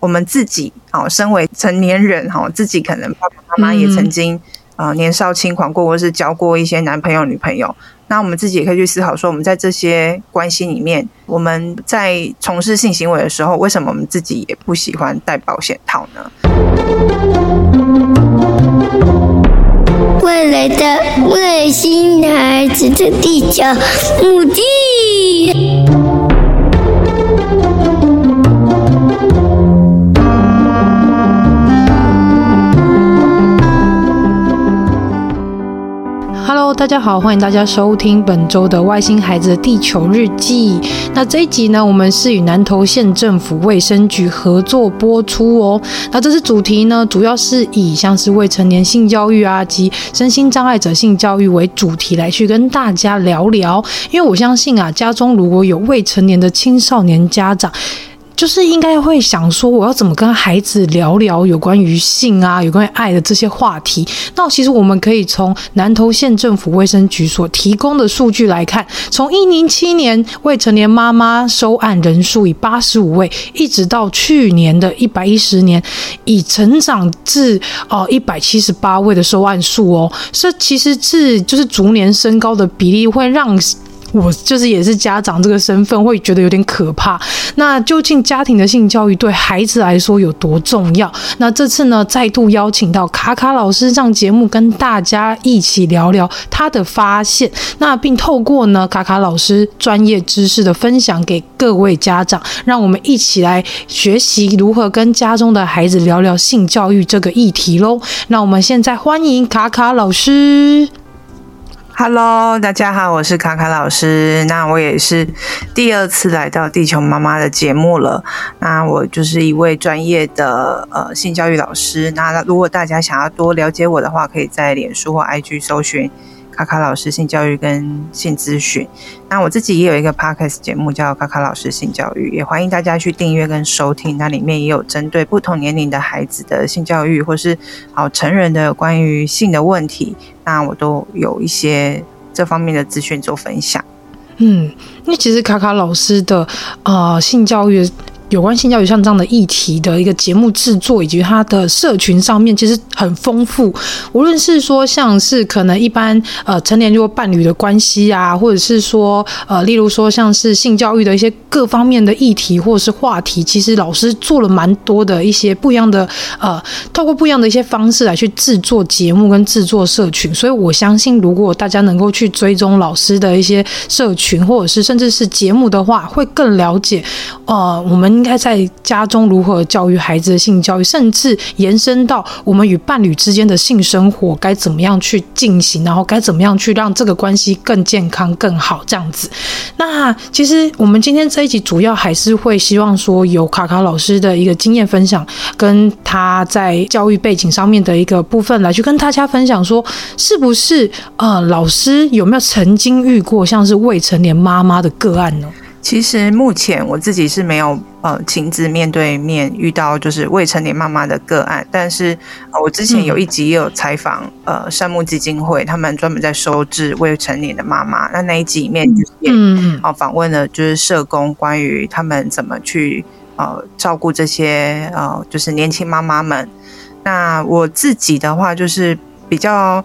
我們自己哦，身為成年人哈，自己可能爸爸媽媽也曾經啊年少輕狂過，或是交過一些男朋友、女朋友。那我們自己也可以去思考說，我們在這些關係裡面，我們在從事性行為的時候，為什麼我們自己也不喜歡戴保險套呢？未來的外星孩子的地球，母雞。大家好，歡迎大家收聽本周的《外星孩子的地球日記》。那這一集呢，我們是與南投縣政府衛生局合作播出哦。那這次主題呢，主要是以像是未成年性教育啊，及身心障礙者性教育為主題來去跟大家聊聊。因為我相信啊，家中如果有未成年的青少年家長，就是應該會想說，我要怎麼跟孩子聊聊有關於性啊、有關於愛的這些話題？那其實我們可以從南投縣政府衛生局所提供的數據來看，從一零七年未成年媽媽收案人數以八十五位，一直到去年的一百一十年，已成長至哦一百七十八位的收案數哦。這其實是就是逐年升高的比例，會讓我就是也是家長這個身份會覺得有點可怕。那究竟家庭的性教育對孩子來說有多重要？那這次呢，再度邀請到卡卡老師上節目，跟大家一起聊聊他的發現。那並透過呢卡卡老師專業知識的分享給各位家長，讓我們一起來學習如何跟家中的孩子聊聊性教育這個議題嘍。那我們現在歡迎卡卡老師。Hello，大家好，我是卡卡老師。那我也是第二次來到地球媽媽的節目了。那我就是一位專業的呃性教育老師。那如果大家想要多了解我的話，可以在臉書或 IG 搜尋。卡卡老師性教育跟性諮詢，那我自己也有一個 Podcast 節目叫卡卡老師性教育，也歡迎大家去訂閱跟收聽。那裡面也有針對不同年齡的孩子的性教育，或是好成人的關於性的問題，那我都有一些這方面的資訊做分享。嗯，那其實卡卡老師的啊、呃、性教育。有關性教育像這樣的議題的一個節目製作，以及它的社群上面其實很豐富。無論是說像是可能一般呃成年就伴侶的關係啊，或者是說呃例如說像是性教育的一些各方面的議題或者是話題，其實老師做了蠻多的一些不一樣的呃，透過不一樣的一些方式來去製作節目跟製作社群。所以我相信，如果大家能夠去追蹤老師的一些社群或者是甚至是節目的話，會更了解呃我們。應該在家中如何教育孩子的性教育，甚至延伸到我們與伴侶之間的性生活，該怎麼樣去進行，然後該怎麼樣去讓這個關係更健康、更好這樣子。那其實我們今天這一集主要還是會希望說，有卡卡老師的一個經驗分享，跟他在教育背景上面的一個部分來去跟大家分享，說是不是呃老師有沒有曾經遇過像是未成年媽媽的個案呢？其實目前我自己是沒有呃親自面對面遇到就是未成年媽媽的個案，但是、呃、我之前有一集也有採訪呃善牧基金會，他們專門在收治未成年的媽媽。那那一集面嗯嗯訪問了就是社工關於他們怎麼去呃照顧這些呃就是年輕媽媽們。那我自己的話就是比較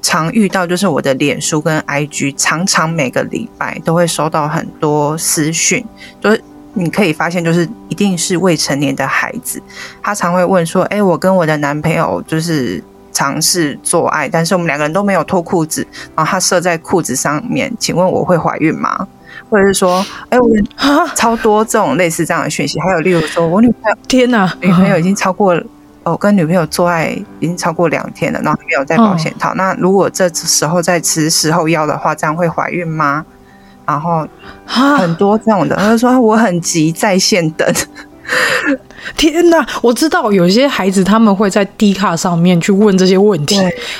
常遇到就是我的臉書跟 IG，常常每個禮拜都會收到很多私訊，就是你可以發現，就是一定是未成年的孩子，他常會問說：“哎、欸，我跟我的男朋友就是嘗試做愛，但是我們兩個人都沒有脫褲子，然後他射在褲子上面，請問我會懷孕嗎？”或者是說：“哎、欸，我超多這種類似這樣的訊息，還有例如說我女朋友，天吶，女朋友已經超過了。”我跟女朋友做愛已經超過兩天了，然後沒有戴保險套。哦、那如果這時候再吃事後藥的話，這樣會懷孕嗎？然後很多這樣的，他、啊、就說我很急，在線等。 天哪！我知道有些孩子他們會在 D 卡上面去問這些問題，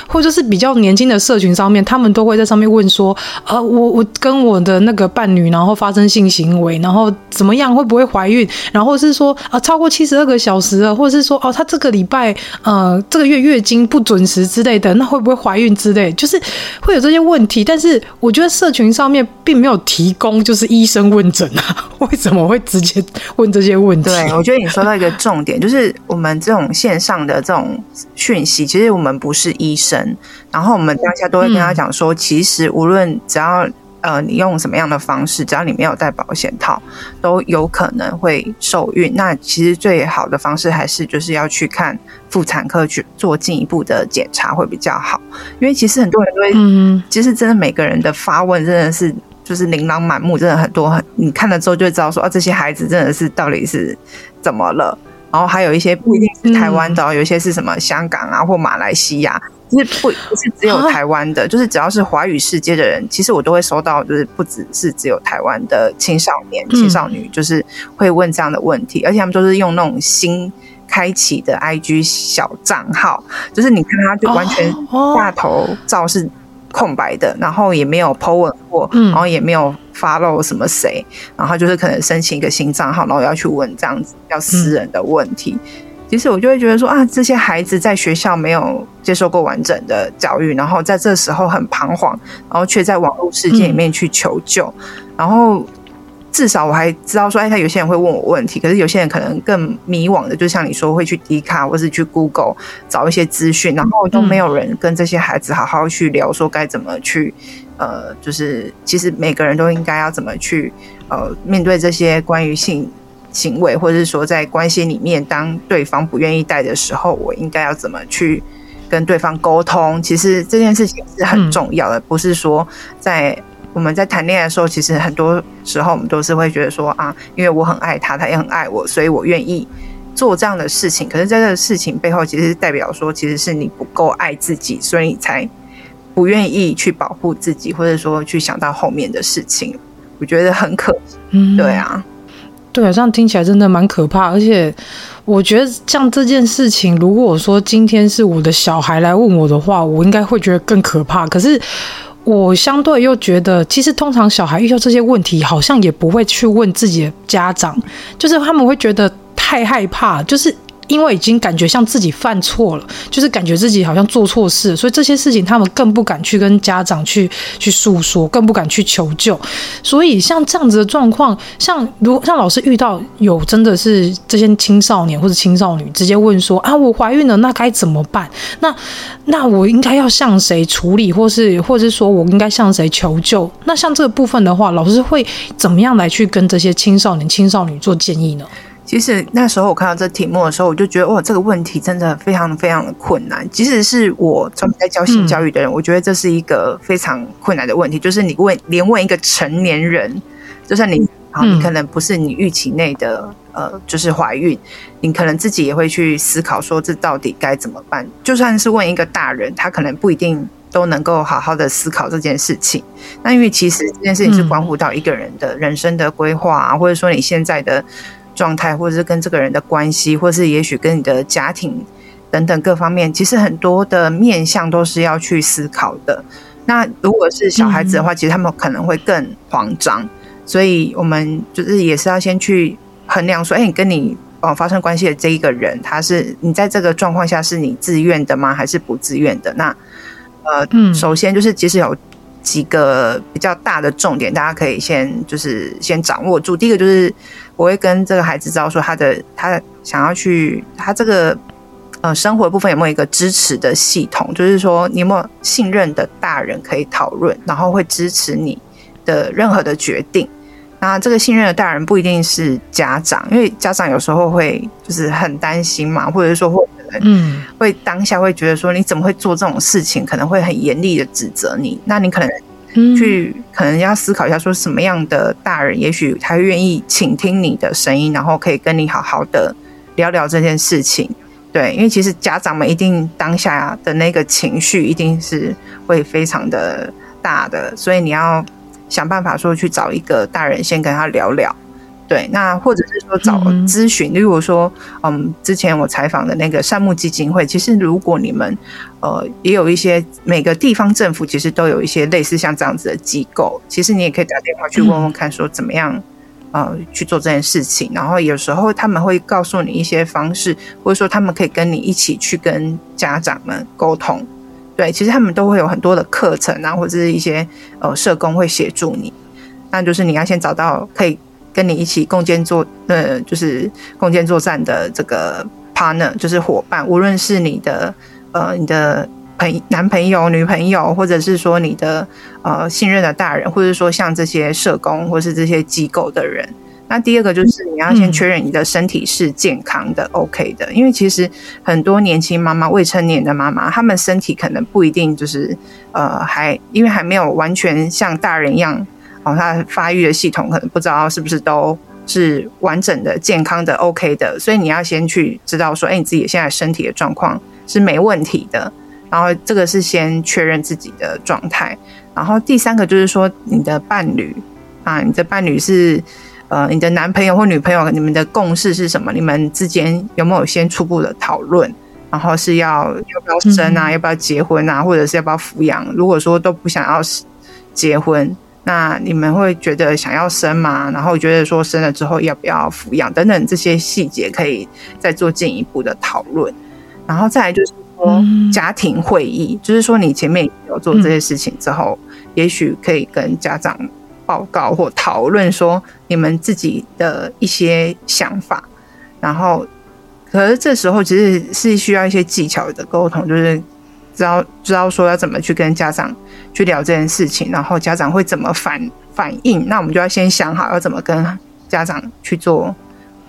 或者就是比較年輕的社群上面，他們都會在上面問說：“呃，我我跟我的那個伴侶然後發生性行為，然後怎麼樣會不會懷孕？然後是說啊、呃，超過七十二個小時了，或者是說哦，他這個禮拜呃這個月月經不準時之類的，那會不會懷孕之類？就是會有這些問題。但是我覺得社群上面並沒有提供就是醫生問診啊，為什麼會直接問這些問題？ 對，我覺得你說到一個重點，就是我們這種線上的這種訊息，其實我們不是醫生，然後我們大家都會跟他講說，嗯、其實無論只要呃你用什麼樣的方式，只要你沒有戴保險套，都有可能會受孕。那其實最好的方式還是就是要去看婦產科去做進一步的檢查會比較好，因為其實很多人都會，嗯、其實真的每個人的發問真的是。就是琳琅滿目，真的很多很，你看了之後就會知道說啊，這些孩子真的是到底是怎麼了？然後還有一些不一定是台灣的，嗯、有一些是什麼香港啊或馬來西亞，就是不不是只有台灣的、啊，就是只要是華語世界的人，其實我都會收到，就是不只是只有台灣的青少年、青少女就是會問這樣的問題、嗯，而且他們都是用那種新開啟的 IG 小賬號，就是你看他就完全大頭照是、哦。哦空白的，然後也沒有拋文或，然後也沒有發 w 什麼誰，然後就是可能申請一個新賬號，然後要去問這樣子叫私人的問題、嗯。其實我就會覺得說啊，這些孩子在學校沒有接受過完整的教育，然後在這時候很彷徨，然後卻在網絡世界裡面去求救，嗯、然後。至少我還知道說，哎，他有些人會問我問題，可是有些人可能更迷惘的，就像你說，會去迪卡，或是去 Google 找一些資訊，然後都沒有人跟這些孩子好好去聊，說該怎麼去，呃，就是其實每個人都應該要怎麼去，呃，面對這些關於性行為，或者是說在關係裡面，當對方不願意帶的時候，我應該要怎麼去跟對方溝通？其實這件事情是很重要的，不是說在。嗯我們在談戀愛的時候，其實很多時候我們都是會覺得說啊，因為我很愛他，他也很愛我，所以我願意做這樣的事情。可是，在這個事情背後，其實代表說其實是你不夠愛自己，所以你才不願意去保護自己，或者說去想到後面的事情。我覺得很可，嗯，對啊，對啊，這樣聽起來真的蠻可怕。而且，我覺得像這件事情，如果說今天是我的小孩來問我的話，我應該會覺得更可怕。可是。我相對又覺得，其實通常小孩遇到這些問題，好像也不會去問自己的家長，就是他們會覺得太害怕，就是。因為已經感覺像自己犯錯了，就是感覺自己好像做錯事，所以這些事情他們更不敢去跟家長去去訴說，更不敢去求救。所以像這樣子的狀況，像如像老師遇到有真的是這些青少年或者青少女，直接問說啊，我懷孕了，那該怎麼辦？那那我應該要向誰處理，或是或是說我應該向誰求救？那像這個部分的話，老師會怎麼樣來去跟這些青少年、青少女做建議呢？其實那時候我看到這題目的時候，我就覺得哇，這個問題真的非常非常的困難。即使是我專門在教性教育的人、嗯，我覺得這是一個非常困難的問題。就是你問，連問一個成年人，就算你，好、嗯、你可能不是你預期內的，呃，就是懷孕，你可能自己也會去思考說這到底該怎麼辦。就算是問一個大人，他可能不一定都能夠好好的思考這件事情。那因為其實這件事情是關乎到一個人的人生的規劃、啊嗯，或者說你現在的。狀態，或者是跟這個人的關係，或者是也許跟你的家庭等等各方面，其實很多的面向都是要去思考的。那如果是小孩子的話，嗯、其實他們可能會更慌張，所以我們就是也是要先去衡量說，哎、欸，你跟你往發生關係的這一個人，他是你在這個狀況下是你自願的嗎？還是不自願的？那呃、嗯，首先就是其實有幾個比較大的重點，大家可以先就是先掌握住。第一個就是。我會跟這個孩子知道說，他的他想要去，他這個呃生活部分有沒有一個支持的系統？就是說，你有沒有信任的大人可以討論，然後會支持你的任何的決定？那這個信任的大人不一定是家長，因為家長有時候會就是很擔心嘛，或者說會嗯，會當下會覺得說你怎麼會做這種事情，可能會很嚴厲的指責你。那你可能。去，可能要思考一下，說什麼樣的大人，也許他願意傾聽你的聲音，然後可以跟你好好的聊聊這件事情。對，因為其實家長們一定當下的那個情緒一定是會非常的大的，所以你要想辦法說去找一個大人先跟他聊聊。對，那或者是說找諮詢，例、嗯、如果說，嗯，之前我採訪的那個善牧基金會，其實如果你們，呃，也有一些每個地方政府其實都有一些類似像這樣子的機構，其實你也可以打電話去問問看，說怎麼樣、嗯、呃去做這件事情，然後有時候他們會告訴你一些方式，或者說他們可以跟你一起去跟家長們溝通。對，其實他們都會有很多的課程啊，然後或者是一些呃社工會協助你。那就是你要先找到可以。跟你一起共建作，呃，就是共建作戰的這個 partner，就是夥伴，無論是你的，呃，你的朋男朋友、女朋友，或者是說你的，呃，信任的大人，或者是說像這些社工，或者是這些機構的人。那第二個就是你要先確認你的身體是健康的，嗯，OK 的。因為其實很多年輕媽媽、未成年的媽媽，她們身體可能不一定就是，呃，還因為還沒有完全像大人一樣。哦，他發育的系統可能不知道是不是都是完整的、健康的、OK 的，所以你要先去知道說，哎、欸，你自己現在身體的狀況是沒問題的。然後這個是先確認自己的狀態。然後第三個就是說，你的伴侶啊，你的伴侶是呃，你的男朋友或女朋友，你們的共識是什麼？你們之間有沒有先初步的討論？然後是要要不要生啊、嗯？要不要結婚啊？或者是要不要撫養？如果說都不想要結婚。那你們會覺得想要生嗎？然後覺得說生了之後要不要撫養等等這些細節可以再做進一步的討論。然後再來就是說家庭會議，嗯、就是說你前面有做這些事情之後，嗯、也許可以跟家長報告或討論說你們自己的一些想法。然後，可是這時候其實是需要一些技巧的溝通，就是。知道知道，說要怎麼去跟家長去聊這件事情，然後家長會怎麼反反應，那我們就要先想好要怎麼跟家長去做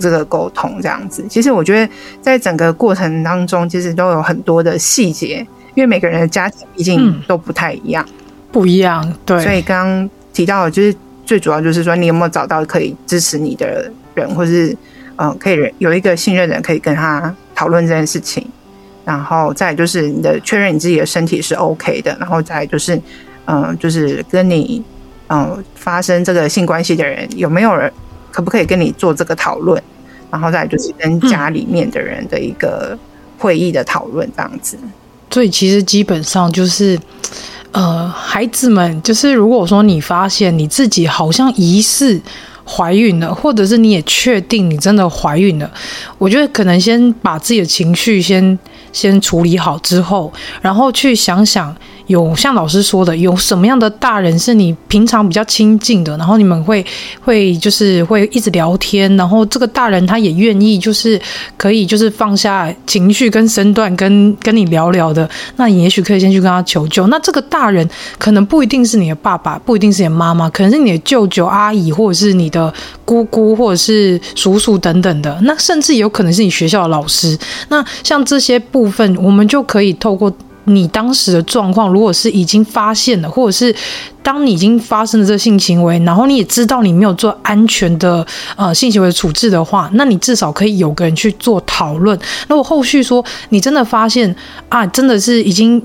這個溝通，這樣子。其實我覺得在整個過程當中，其實都有很多的細節，因為每個人的家庭畢竟都不太一樣、嗯，不一樣。對。所以剛剛提到的，就是最主要就是說，你有沒有找到可以支持你的人，或是嗯、呃，可以有一個信任人可以跟他討論這件事情。然後再就是你的確認你自己的身體是 OK 的，然後再就是，嗯、呃，就是跟你，嗯、呃，發生這個性關係的人有沒有人可不可以跟你做這個討論，然後再就是跟家裡面的人的一個會議的討論這樣子。嗯、所以其實基本上就是，呃，孩子們就是如果說你發現你自己好像疑似懷孕了，或者是你也確定你真的懷孕了，我覺得可能先把自己的情緒先。先處理好之後，然後去想想。有像老師說的，有什麼樣的大人是你平常比較親近的，然後你們會會就是會一直聊天，然後這個大人他也願意就是可以就是放下情緒跟身段跟跟你聊聊的，那你也許可以先去跟他求救。那這個大人可能不一定是你的爸爸，不一定是你的媽媽，可能是你的舅舅阿姨，或者是你的姑姑，或者是叔叔等等的。那甚至有可能是你學校的老師。那像這些部分，我們就可以透過。你當時的狀況，如果是已經發現了，或者是當你已經發生了這個性行為，然後你也知道你沒有做安全的呃性行為的處置的話，那你至少可以有個人去做討論。如果後續說你真的發現啊，真的是已經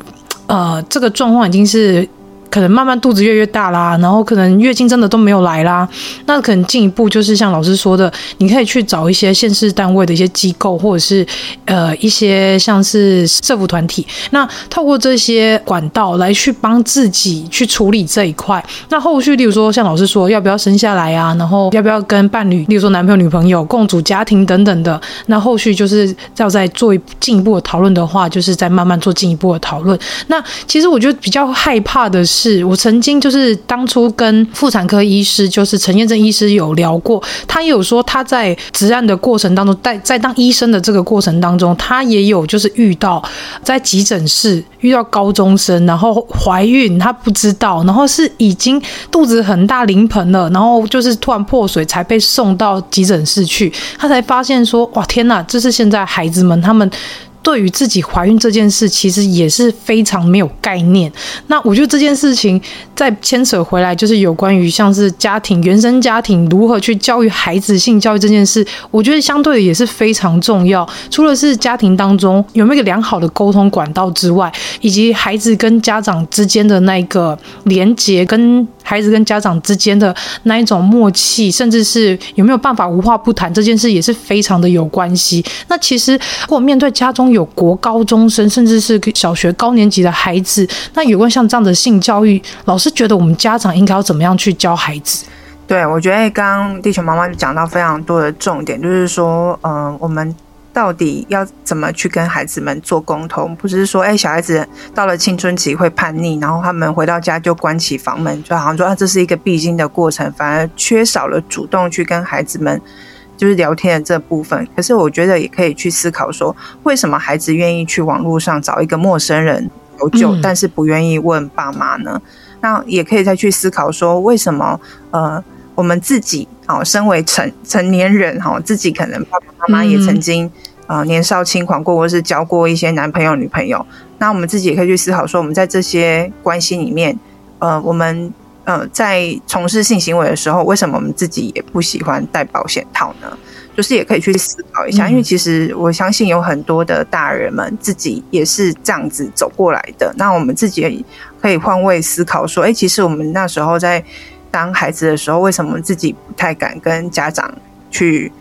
呃這個狀況已經是。可能慢慢肚子越來越大啦，然後可能月經真的都沒有來啦，那可能進一步就是像老師說的，你可以去找一些縣市單位的一些機構，或者是呃一些像是社服團體，那透過這些管道來去幫自己去處理這一塊。那後續，例如說像老師說，要不要生下來啊？然後要不要跟伴侶，例如說男朋友女朋友共組家庭等等的。那後續就是要再做一進一步的討論的話，就是再慢慢做進一步的討論。那其實我覺得比較害怕的是。是我曾經就是當初跟婦產科醫師，就是陳彥正醫師有聊過，他也有說他在執業的過程當中，在在當醫生的這個過程當中，他也有就是遇到在急診室遇到高中生，然後懷孕，他不知道，然後是已經肚子很大臨盆了，然後就是突然破水才被送到急診室去，他才發現說哇天哪，這是現在孩子們他們對於自己懷孕這件事，其實也是非常沒有概念。那我覺得這件事情再牽扯回來，就是有關於像是家庭、原生家庭如何去教育孩子，性教育這件事，我覺得相對的也是非常重要。除了是家庭當中有沒有一個良好的溝通管道之外，以及孩子跟家長之間的那個連接跟。孩子跟家長之間的那一種默契，甚至是有沒有辦法無話不談，這件事也是非常的有關係。那其實，如果面對家中有國高中生，甚至是小學高年級的孩子，那有關像這樣的性教育，老師覺得我們家長應該要怎麼樣去教孩子？對，我覺得剛剛地球媽媽就講到非常多的重點，就是說，嗯、呃，我們。到底要怎麼去跟孩子們做溝通？不是說，哎、欸，小孩子到了青春期會叛逆，然後他們回到家就關起房門，就好像說啊，這是一個必經的過程，反而缺少了主動去跟孩子們就是聊天的這部分。可是我覺得也可以去思考說，為什麼孩子願意去網絡上找一個陌生人求救、嗯，但是不願意問爸媽呢？那也可以再去思考說，為什麼，呃？我們自己啊、哦，身為成成年人哈、哦，自己可能爸爸媽媽也曾經啊、嗯呃、年少輕狂過，或是交過一些男朋友女朋友。那我們自己也可以去思考說，我們在這些關係裡面，呃，我們呃在從事性行為的時候，為什麼我們自己也不喜歡戴保險套呢？就是也可以去思考一下、嗯，因為其實我相信有很多的大人們自己也是這樣子走過來的。那我們自己也可以換位思考說，哎，其實我們那時候在。當孩子的時候，為什麼自己不太敢跟家長去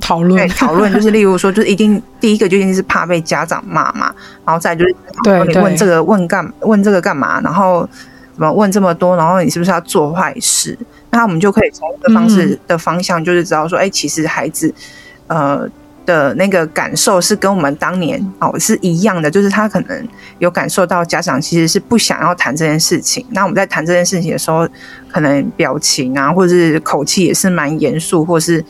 討論、嗯？對，討論就是，例如說，就是一定 第一個就一定是怕被家長罵嘛，然後再就是，對，對，對你問、這個問，問這個問幹問這個幹嘛？然後怎麼問這麼多？然後你是不是要做壞事？那我們就可以從一個方式的方向，嗯、就是知道說，哎、欸，其實孩子，呃。的那個感受是跟我們當年哦是一樣的，就是他可能有感受到家長其實是不想要談這件事情。那我們在談這件事情的時候，可能表情啊，或者是口氣也是蠻嚴肅，或是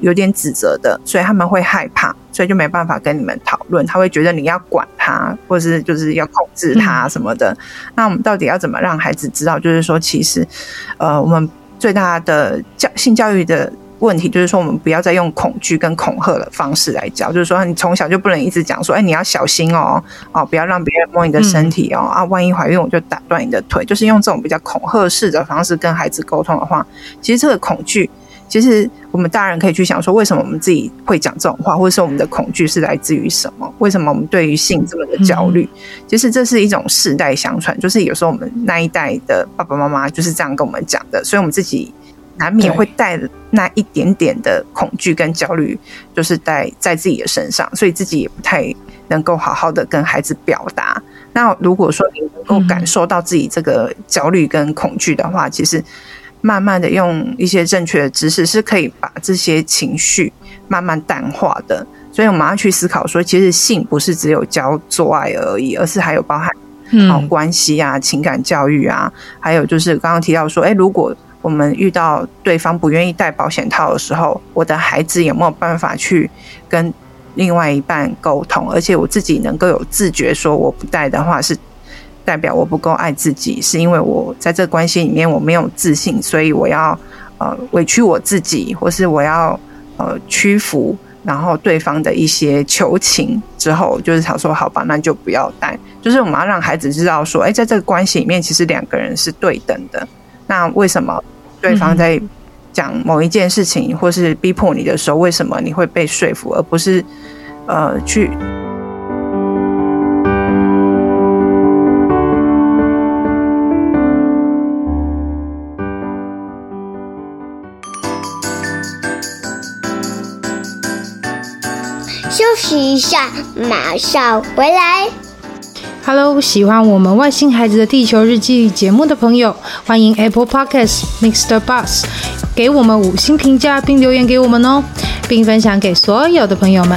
有點指責的，所以他們會害怕，所以就沒辦法跟你們討論。他會覺得你要管他，或者是就是要控制他啊什麼的。嗯。那我們到底要怎麼讓孩子知道？就是說，其實呃，我們最大的教性教育的。問題就是說，我們不要再用恐懼跟恐嚇的方式來教，就是說，你從小就不能一直講說，哎，你要小心哦，哦，不要讓別人摸你的身體哦、喔，啊，萬一懷孕我就打斷你的腿。就是用這種比較恐嚇式的方式跟孩子溝通的話，其實這個恐懼，其實我們大人可以去想說，為什麼我們自己會講這種話，或者是我們的恐懼是來自於什麼？為什麼我們對於性這麼的焦慮？其實這是一種世代相傳，就是有時候我們那一代的爸爸媽媽就是這樣跟我們講的，所以我們自己。難免會帶那一點點的恐懼跟焦慮，就是帶在自己的身上，所以自己也不太能夠好好的跟孩子表達。那如果說你能夠感受到自己這個焦慮跟恐懼的話，其實慢慢的用一些正確的知識是可以把這些情緒慢慢淡化的。所以我們要去思考說，其實性不是只有教做愛而已，而是還有包含嗯關係啊、情感教育啊，還有就是剛剛提到說，哎、欸，如果。我們遇到對方不願意戴保險套的時候，我的孩子有沒有辦法去跟另外一半溝通？而且我自己能夠有自覺，說我不戴的話是代表我不夠愛自己，是因為我在這個關係裡面我沒有自信，所以我要呃委屈我自己，或是我要呃屈服，然後對方的一些求情之後，就是想說好吧，那就不要戴。就是我們要讓孩子知道說，哎，在這個關係裡面，其實兩個人是對等的。那為什麼？對方在講某一件事情，或是逼迫你的時候，為什麼你會被說服，而不是呃去休息一下，馬上回來？哈嘍喜歡我們《外星孩子的地球日記》節目的朋友，歡迎 Apple Podcasts Mr. b u s s 給我們五星評價並留言給我們哦，並分享給所有的朋友們。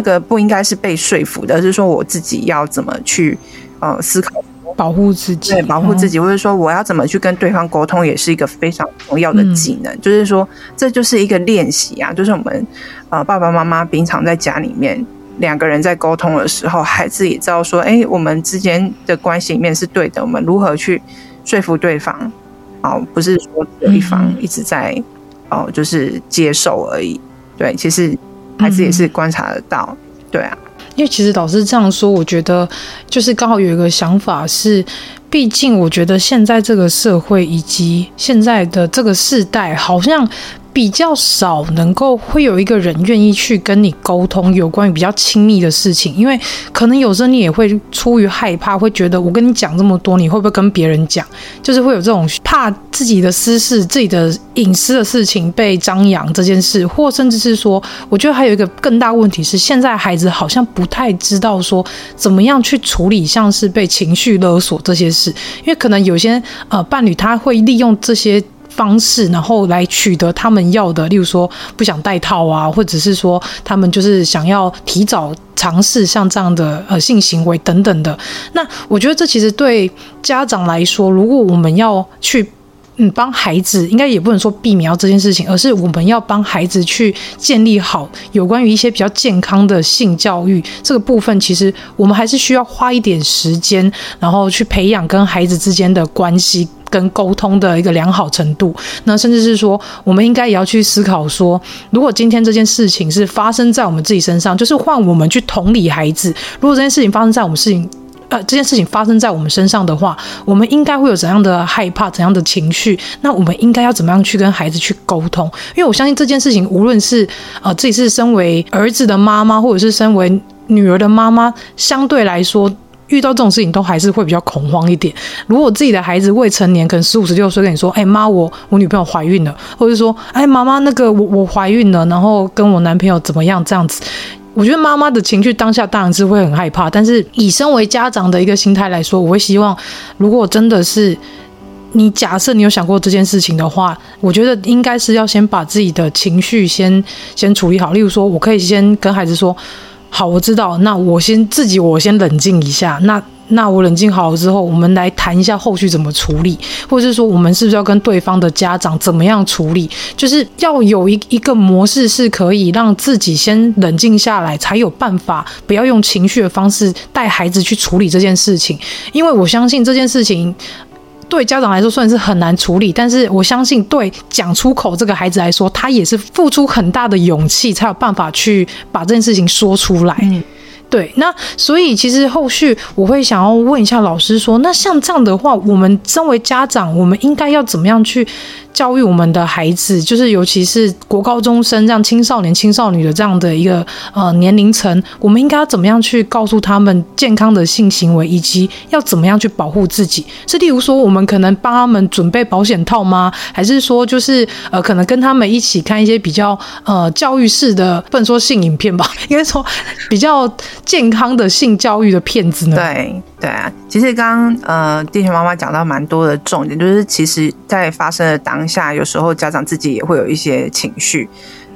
這、那個不應該是被說服的，而是說我自己要怎麼去呃思考、什麼，保護自己，對，保護自己、哦，或者說我要怎麼去跟對方溝通，也是一個非常重要的技能。嗯、就是說，這就是一個練習啊。就是我們呃爸爸媽媽平常在家裡面兩個人在溝通的時候，孩子也知道說，哎、欸，我們之間的關係裡面是對的，我們如何去說服對方哦、呃，不是說有一方一直在哦、嗯呃，就是接受而已。對，其實。孩子也是觀察得到。嗯，對啊，因為其實老師這樣說，我覺得就是剛好有一個想法是，畢竟我覺得現在這個社會以及現在的這個世代，好像。比較少能夠會有一個人願意去跟你溝通有關於比較親密的事情，因為可能有時候你也會出於害怕，會覺得我跟你講這麼多，你會不會跟別人講？就是會有這種怕自己的私事、自己的隱私的事情被張揚這件事，或甚至是說，我覺得還有一個更大問題是，現在孩子好像不太知道說怎麼樣去處理，像是被情緒勒索這些事，因為可能有些呃伴侶他會利用這些。方式，然後來取得他們要的，例如說不想戴套啊，或者是說他們就是想要提早嘗試像這樣的呃性行為等等的。那我覺得這其實對家長來說，如果我們要去。你、嗯、幫孩子，應該也不能說避免要這件事情，而是我們要幫孩子去建立好有關於一些比較健康的性教育這個部分。其實我們還是需要花一點時間，然後去培養跟孩子之間的關係跟溝通的一個良好程度。那甚至是說，我們應該也要去思考說，如果今天這件事情是發生在我們自己身上，就是換我們去同理孩子。如果這件事情發生在我們自己。呃，這件事情發生在我們身上的話，我們應該會有怎樣的害怕、怎樣的情緒？那我們應該要怎麼樣去跟孩子去溝通？因為我相信這件事情，無論是呃自己是身為兒子的媽媽，或者是身為女兒的媽媽，相對來說遇到這種事情都還是會比較恐慌一點。如果自己的孩子未成年，可能十五、十六歲跟你說：“哎媽，我我女朋友懷孕了。”或者說：“哎媽媽，那個我我懷孕了，然後跟我男朋友怎麼樣？”這樣子。我覺得媽媽的情緒當下當然是會很害怕，但是以身為家長的一個心態來說，我會希望，如果真的是你假設你有想過這件事情的話，我覺得應該是要先把自己的情緒先先處理好。例如說，我可以先跟孩子說：“好，我知道，那我先自己，我先冷靜一下。”那。那我冷靜好了之後，我們來談一下後續怎麼處理，或者是說，我們是不是要跟對方的家長怎麼樣處理？就是要有一一個模式，是可以讓自己先冷靜下來，才有辦法不要用情緒的方式帶孩子去處理這件事情。因為我相信這件事情對家長來說算是很難處理，但是我相信對講出口這個孩子來說，他也是付出很大的勇氣才有辦法去把這件事情說出來。嗯。對，那所以其實後續我會想要問一下老師說，說那像這樣的話，我們身為家長，我們應該要怎麼樣去？教育我們的孩子，就是尤其是國高中生這樣青少年、青少女的這樣的一個呃年齡層，我們應該要怎麼樣去告訴他們健康的性行為，以及要怎麼樣去保護自己？是，例如說，我們可能幫他們準備保險套嗎？還是說，就是呃，可能跟他們一起看一些比較呃教育式的，不能說性影片吧，應該說比較健康的性教育的片子呢？對。對啊，其實剛剛呃，地球媽媽講到蠻多的重點，就是其實，在發生的當下，有時候家長自己也會有一些情緒，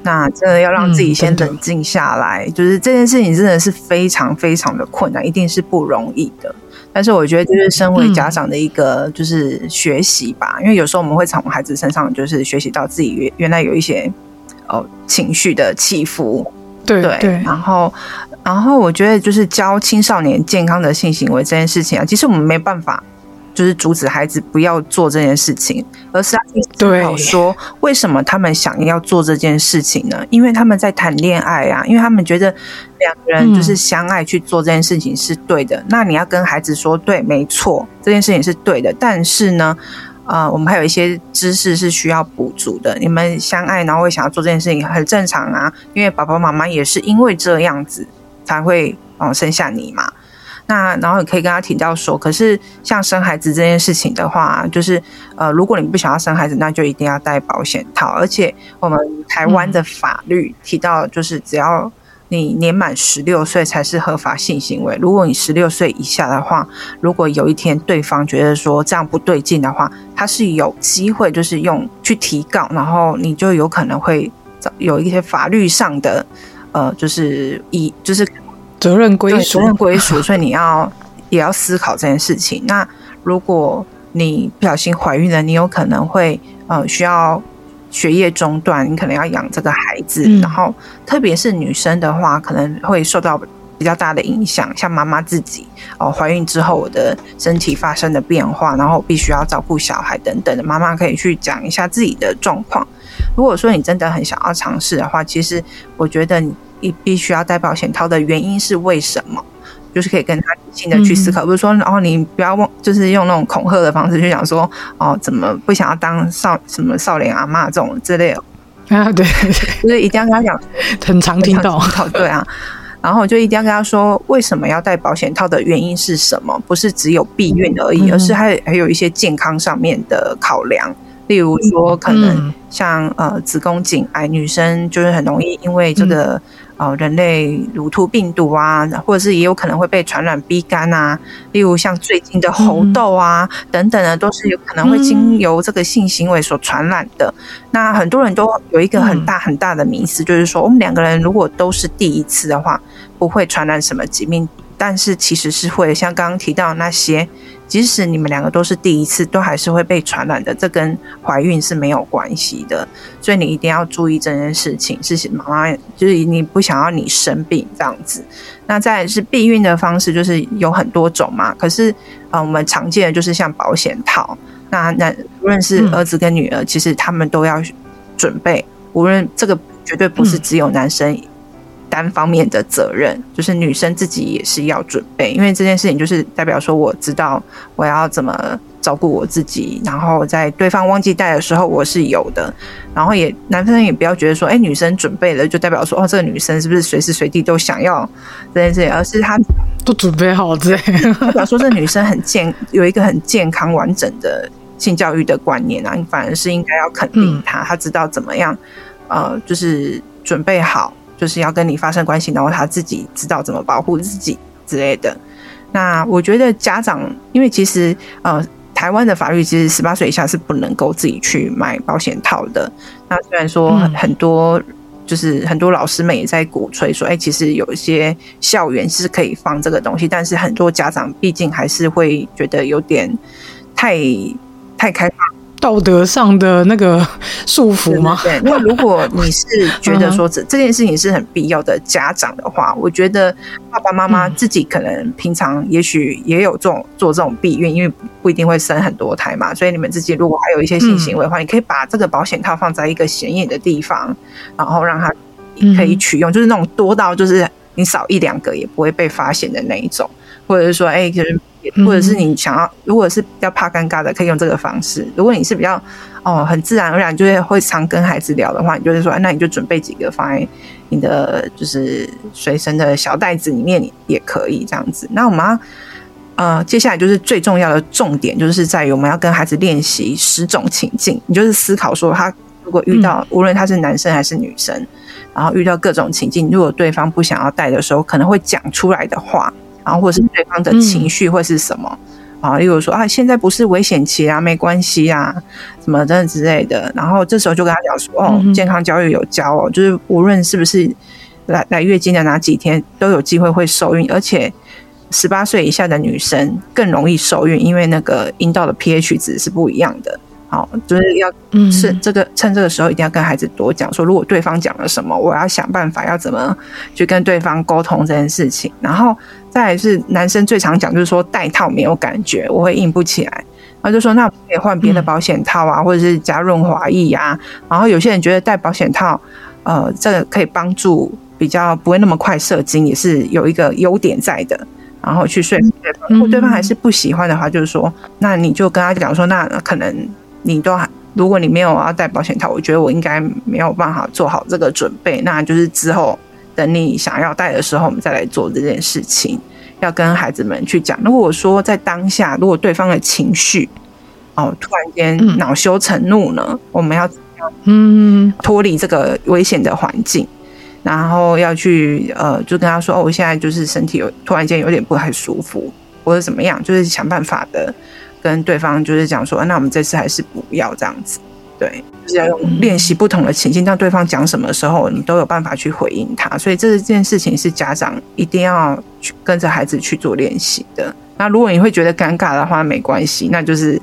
那真的要讓自己先冷靜下來，嗯、對對就是這件事情真的是非常非常的困難，一定是不容易的。但是我覺得，就是身為家長的一個就是學習吧、嗯，因為有時候我們會從孩子身上就是學習到自己原原來有一些哦、呃、情緒的起伏，對對、對，然後。然後我覺得，就是教青少年健康的性行為這件事情啊，其實我們沒辦法，就是阻止孩子不要做這件事情，而是要去說，為什麼他們想要做這件事情呢？因為他們在談戀愛啊，因為他們覺得兩個人就是相愛去做這件事情是對的、嗯。那你要跟孩子說，對，沒錯，這件事情是對的。但是呢，呃，我們還有一些知識是需要補足的。你們相愛，然後會想要做這件事情，很正常啊，因為爸爸媽媽也是因為這樣子。才會，嗯，生下你嘛。那然後你可以跟他提到說，可是像生孩子這件事情的話、啊，就是，呃，如果你不想要生孩子，那就一定要帶保險套。而且我們台灣的法律提到，就是只要你年滿十六歲才是合法性行為。如果你十六歲以下的話，如果有一天對方覺得說這樣不對勁的話，他是有機會就是用去提告，然後你就有可能會找有一些法律上的。呃，就是以就是責任歸屬，責任歸屬，所以你要也要思考這件事情。那如果你不小心懷孕了，你有可能會呃需要學業中斷，你可能要養這個孩子。嗯、然後，特別是女生的話，可能會受到比較大的影響，像媽媽自己哦，呃、懷孕之後我的身體發生的變化，然後我必須要照顧小孩等等的。媽媽可以去講一下自己的狀況。如果說你真的很想要嘗試的話，其實我覺得你。你必須要戴保險套的原因是為什麼？就是可以跟他理性的去思考，不、嗯、是說，然、哦、後你不要就是用那種恐嚇的方式去講說，哦，怎麼不想要當少什麼少年阿嬤這種之類的。啊對，對，就是一定要跟他講，很常聽到，對啊。然後就一定要跟他說，為什麼要戴保險套的原因是什麼？不是只有避孕而已，嗯、而是還還有一些健康上面的考量。例如說，可能像、嗯、呃子宮頸癌，女生就是很容易因為這個、嗯、呃人類乳突病毒啊，或者是也有可能會被傳染 B 肝啊。例如像最近的猴痘啊、嗯、等等的，都是有可能會經由這個性行為所傳染的、嗯。那很多人都有一個很大很大的迷思，嗯、就是說我們兩個人如果都是第一次的話，不會傳染什麼疾病。但是其實是會像剛剛提到那些。即使你們兩個都是第一次，都還是會被傳染的。這跟懷孕是沒有關係的，所以你一定要注意這件事情。是媽媽，就是你不想要你生病這樣子。那再是避孕的方式，就是有很多種嘛。可是，呃，我們常見的就是像保險套。那那無論是兒子跟女兒、嗯，其實他們都要準備。無論這個絕對不是只有男生。嗯單方面的責任就是女生自己也是要準備，因為這件事情就是代表說，我知道我要怎麼照顧我自己，然後在對方忘記帶的時候，我是有的，然後也男生也不要覺得說哎、欸、女生準備了就代表說哦這個女生是不是隨時隨地都想要這件事情，而是她都準備好這樣代表說這女生很健 有一個很健康完整的性教育的觀念啊，反而是應該要肯定她，她知道怎麼樣呃就是準備好。就是要跟你發生關係，然後他自己知道怎麼保護自己之類的。那我覺得家長，因為其實呃，台灣的法律其實十八歲以下是不能夠自己去買保險套的。那雖然說很多、嗯、就是很多老師們也在鼓吹說，哎、欸，其實有一些校園是可以放這個東西，但是很多家長畢竟還是會覺得有點太太開放。道德上的那個束縛嗎？對，對，對，因為如果你是覺得說這這件事情是很必要的，家長的話， uh -huh. 我覺得爸爸媽媽自己可能平常也許也有這種做這種避孕，因為不一定會生很多胎嘛。所以你們自己如果還有一些性行為的話，uh -huh. 你可以把這個保險套放在一個顯眼的地方，然後讓他可以取用，uh -huh. 就是那種多到就是你少一兩個也不會被發現的那一種，或者是說，哎、欸，可或者是你想要，如果是比較怕尷尬的，可以用這個方式。如果你是比較哦很自然而然，就是會常跟孩子聊的話，你就是說，那你就準備幾個放在你的就是隨身的小袋子裡面，你也可以這樣子。那我們要、啊、呃接下來就是最重要的重點，就是在於我們要跟孩子練習十種情境。你就是思考說，他如果遇到、嗯、無論他是男生還是女生，然後遇到各種情境，如果對方不想要帶的時候，可能會講出來的話。然後，或者是對方的情緒，會是什麼啊？嗯嗯、然後例如說啊，現在不是危險期啊，沒關係啊，什麼等等之類的。然後這時候就跟他聊說，哦，嗯、健康教育有教哦，就是無論是不是來來月經的哪幾天，都有機會會受孕，而且十八歲以下的女生更容易受孕，因為那個陰道的 pH 值是不一樣的。就是要趁這個趁這個時候，一定要跟孩子多講說，如果對方講了什麼，我要想辦法要怎麼去跟對方溝通這件事情。然後再來是男生最常講，就是說戴套沒有感覺，我會硬不起來。然後就說那可以換別的保險套啊、嗯，或者是加潤滑液啊。然後有些人覺得戴保險套，呃，這個可以幫助比較不會那麼快射精，也是有一個優點在的。然後去說服對方，嗯、如果對方還是不喜歡的話，就是說那你就跟他講說，那可能。你都，如果你沒有要戴保險套，我覺得我應該沒有辦法做好這個準備。那就是之後等你想要戴的時候，我們再來做這件事情。要跟孩子們去講。如果說在當下，如果對方的情緒哦突然間惱羞成怒呢，嗯、我們要嗯脫離這個危險的環境，然後要去呃就跟他說哦，我現在就是身體有突然間有點不太舒服，或者怎麼樣，就是想辦法的。跟對方就是講說，那我們這次還是不要這樣子，對，就是要用練習不同的情境，讓、mm -hmm. 對方講什麼的時候你都有辦法去回應他。所以這件事情是家長一定要去跟着孩子去做練習的。那如果你會覺得尷尬的話，沒關係，那就是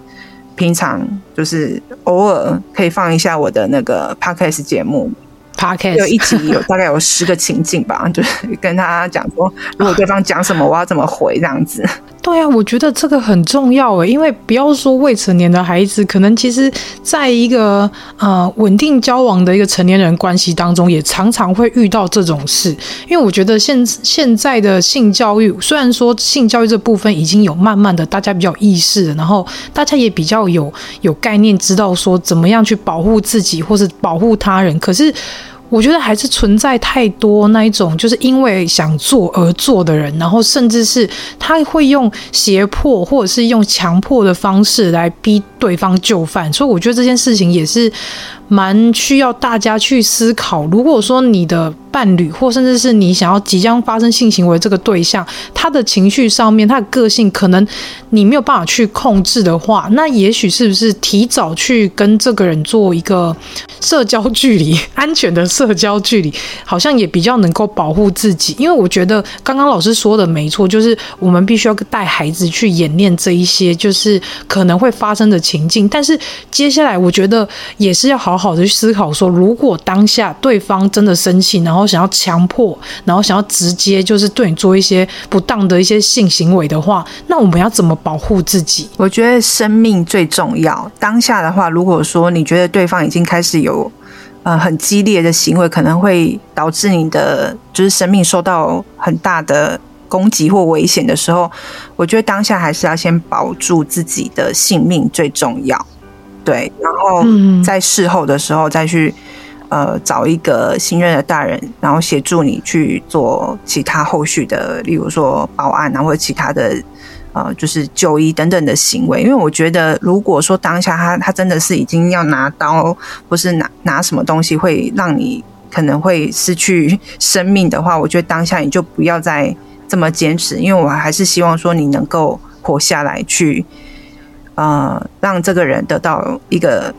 平常就是偶爾可以放一下我的那個 podcast 節目，podcast 就一集有 大概有十個情境吧，就是跟他講說，如果對方講什麼，我要怎麼回這樣子。對呀，我覺得這個很重要誒，因為不要說未成年的孩子，可能其實在一個呃穩定交往的一個成年人關係當中，也常常會遇到這種事。因為我覺得現現在的性教育，雖然說性教育這部分已經有慢慢的大家比較意識了，然後大家也比較有有概念，知道說怎麼樣去保護自己或是保護他人，可是。我覺得還是存在太多那一種，就是因為想做而做的人，然後甚至是他會用脅迫或者是用強迫的方式來逼對方就範，所以我覺得這件事情也是。蠻需要大家去思考，如果說你的伴侶，或甚至是你想要即將發生性行為這個對象，他的情緒上面，他的個性可能你沒有辦法去控制的話，那也許是不是提早去跟這個人做一個社交距離，安全的社交距離，好像也比較能夠保護自己。因為我覺得剛剛老師說的沒錯，就是我們必須要帶孩子去演練這一些，就是可能會發生的情境。但是接下來，我覺得也是要好好。好的，去思考說，如果當下對方真的生氣，然後想要強迫，然後想要直接就是對你做一些不當的一些性行為的話，那我們要怎麼保護自己？我覺得生命最重要。當下的話，如果說你覺得對方已經開始有，呃，很激烈的行為，可能會導致你的就是生命受到很大的攻擊或危險的時候，我覺得當下還是要先保住自己的性命最重要。對，然後在事後的時候再去，嗯、呃，找一個信任的大人，然後協助你去做其他後續的，例如說報案啊，或者其他的，呃，就是就醫等等的行為。因為我覺得，如果說當下他他真的是已經要拿刀，或是拿拿什麼東西，會讓你可能會失去生命的話，我覺得當下你就不要再這麼堅持，因為我還是希望說你能夠活下來去，呃，讓這個人得到一個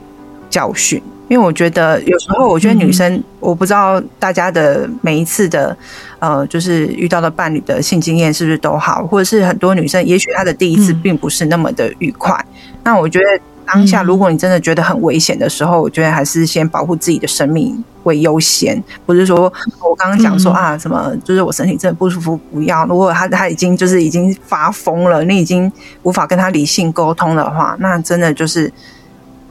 教訓，因為我覺得有時候，我覺得女生、嗯，我不知道大家的每一次的，呃，就是遇到的伴侶的性經驗是不是都好，或者是很多女生，也許她的第一次並不是那麼的愉快。那、嗯、我覺得當下，如果你真的覺得很危險的時候、嗯，我覺得還是先保護自己的生命。為優先，不是說我剛剛講說嗯嗯啊，什麼就是我身體真的不舒服，不要。如果他他已經就是已經發瘋了，你已經無法跟他理性溝通的話，那真的就是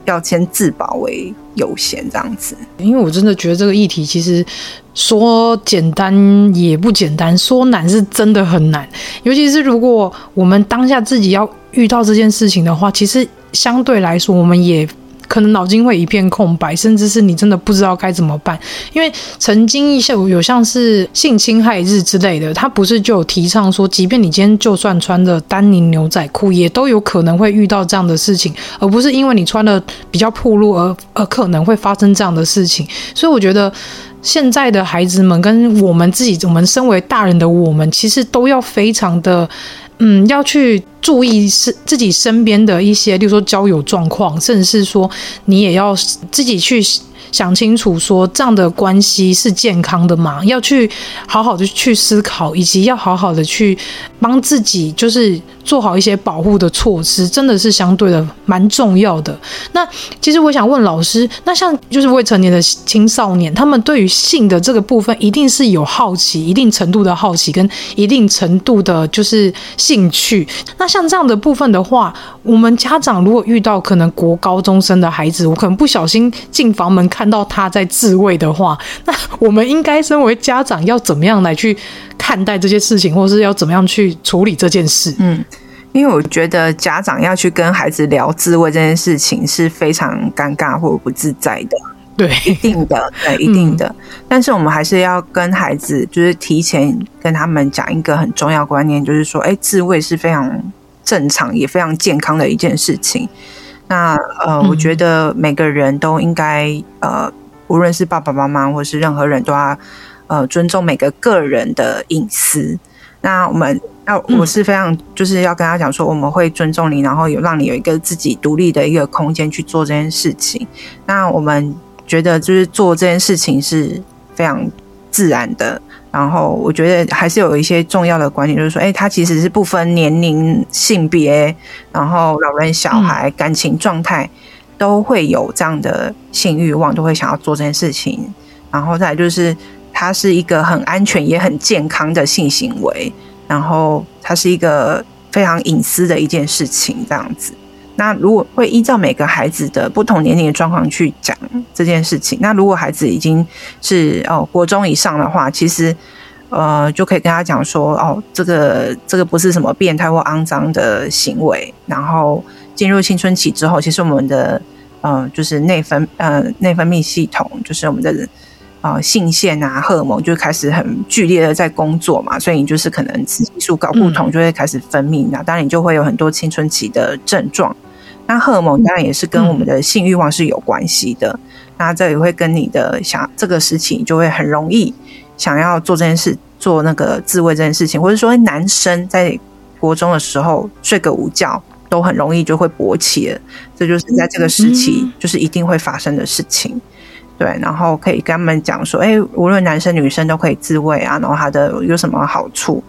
要先自保為優先，這樣子。因為我真的覺得這個議題其實說簡單也不簡單，說難是真的很難。尤其是如果我們當下自己要遇到這件事情的話，其實相對來說我們也。可能腦筋會一片空白，甚至是你真的不知道該怎麼辦。因為曾經一些有像是性侵害日之類的，他不是就有提倡說，即便你今天就算穿着丹寧牛仔褲，也都有可能會遇到這樣的事情，而不是因為你穿的比較暴露而而可能會發生這樣的事情。所以我覺得現在的孩子們跟我們自己，我們身為大人的我們，其實都要非常的。嗯，要去注意是自己身邊的一些，就是說交友狀況，甚至是說你也要自己去。想清楚說，說這樣的關係是健康的嗎？要去好好的去思考，以及要好好的去幫自己，就是做好一些保護的措施，真的是相對的蠻重要的。那其實我想問老師，那像就是未成年的青少年，他們對於性的這個部分，一定是有好奇，一定程度的好奇跟一定程度的，就是興趣。那像這樣的部分的話，我們家長如果遇到可能國高中生的孩子，我可能不小心進房門看。看到他在自慰的話，那我們應該身為家長要怎麼樣來去看待這些事情，或是要怎麼樣去處理這件事？嗯，因為我覺得家長要去跟孩子聊自慰這件事情是非常尷尬或者不自在的。對，一定的，對，一定的。嗯。但是我們還是要跟孩子，就是提前跟他們講一個很重要觀念，就是說，哎，自慰是非常正常也非常健康的一件事情。那呃，我覺得每個人都應該呃，無論是爸爸媽媽或是任何人都要呃尊重每個個人的隱私。那我們要我是非常就是要跟他講說，我們會尊重你，然後有讓你有一個自己獨立的一個空間去做這件事情。那我們覺得就是做這件事情是非常自然的。然後我覺得還是有一些重要的觀念，就是說，哎，他其實是不分年齡、性別，然後老人、小孩、嗯、感情狀態都會有這樣的性欲望，都會想要做這件事情。然後再來就是，他是一個很安全也很健康的性行為，然後他是一個非常隱私的一件事情，這樣子。那如果會依照每個孩子的不同年齡的狀況去講這件事情，那如果孩子已經是哦國中以上的話，其實，呃，就可以跟他講說哦，這個這個不是什麼變態或骯髒的行為。然後進入青春期之後，其實我們的嗯、呃、就是內分嗯、呃、內分泌系統就是我們的人。啊、呃，性腺啊，荷爾蒙就開始很劇烈的在工作嘛，所以你就是可能雌激素睪固酮，就會開始分泌、啊，那、嗯、當然你就會有很多青春期的症狀。那荷爾蒙當然也是跟我們的性欲望是有關係的、嗯。那這也會跟你的想這個時期，你就會很容易想要做這件事，做那個自慰這件事情，或者說男生在國中的時候睡個午覺都很容易就會勃起，了。這就是在這個時期就是一定會發生的事情。嗯就是對，然後可以跟他們講說，哎，無論男生女生都可以自慰啊，然後他的有什麼好處，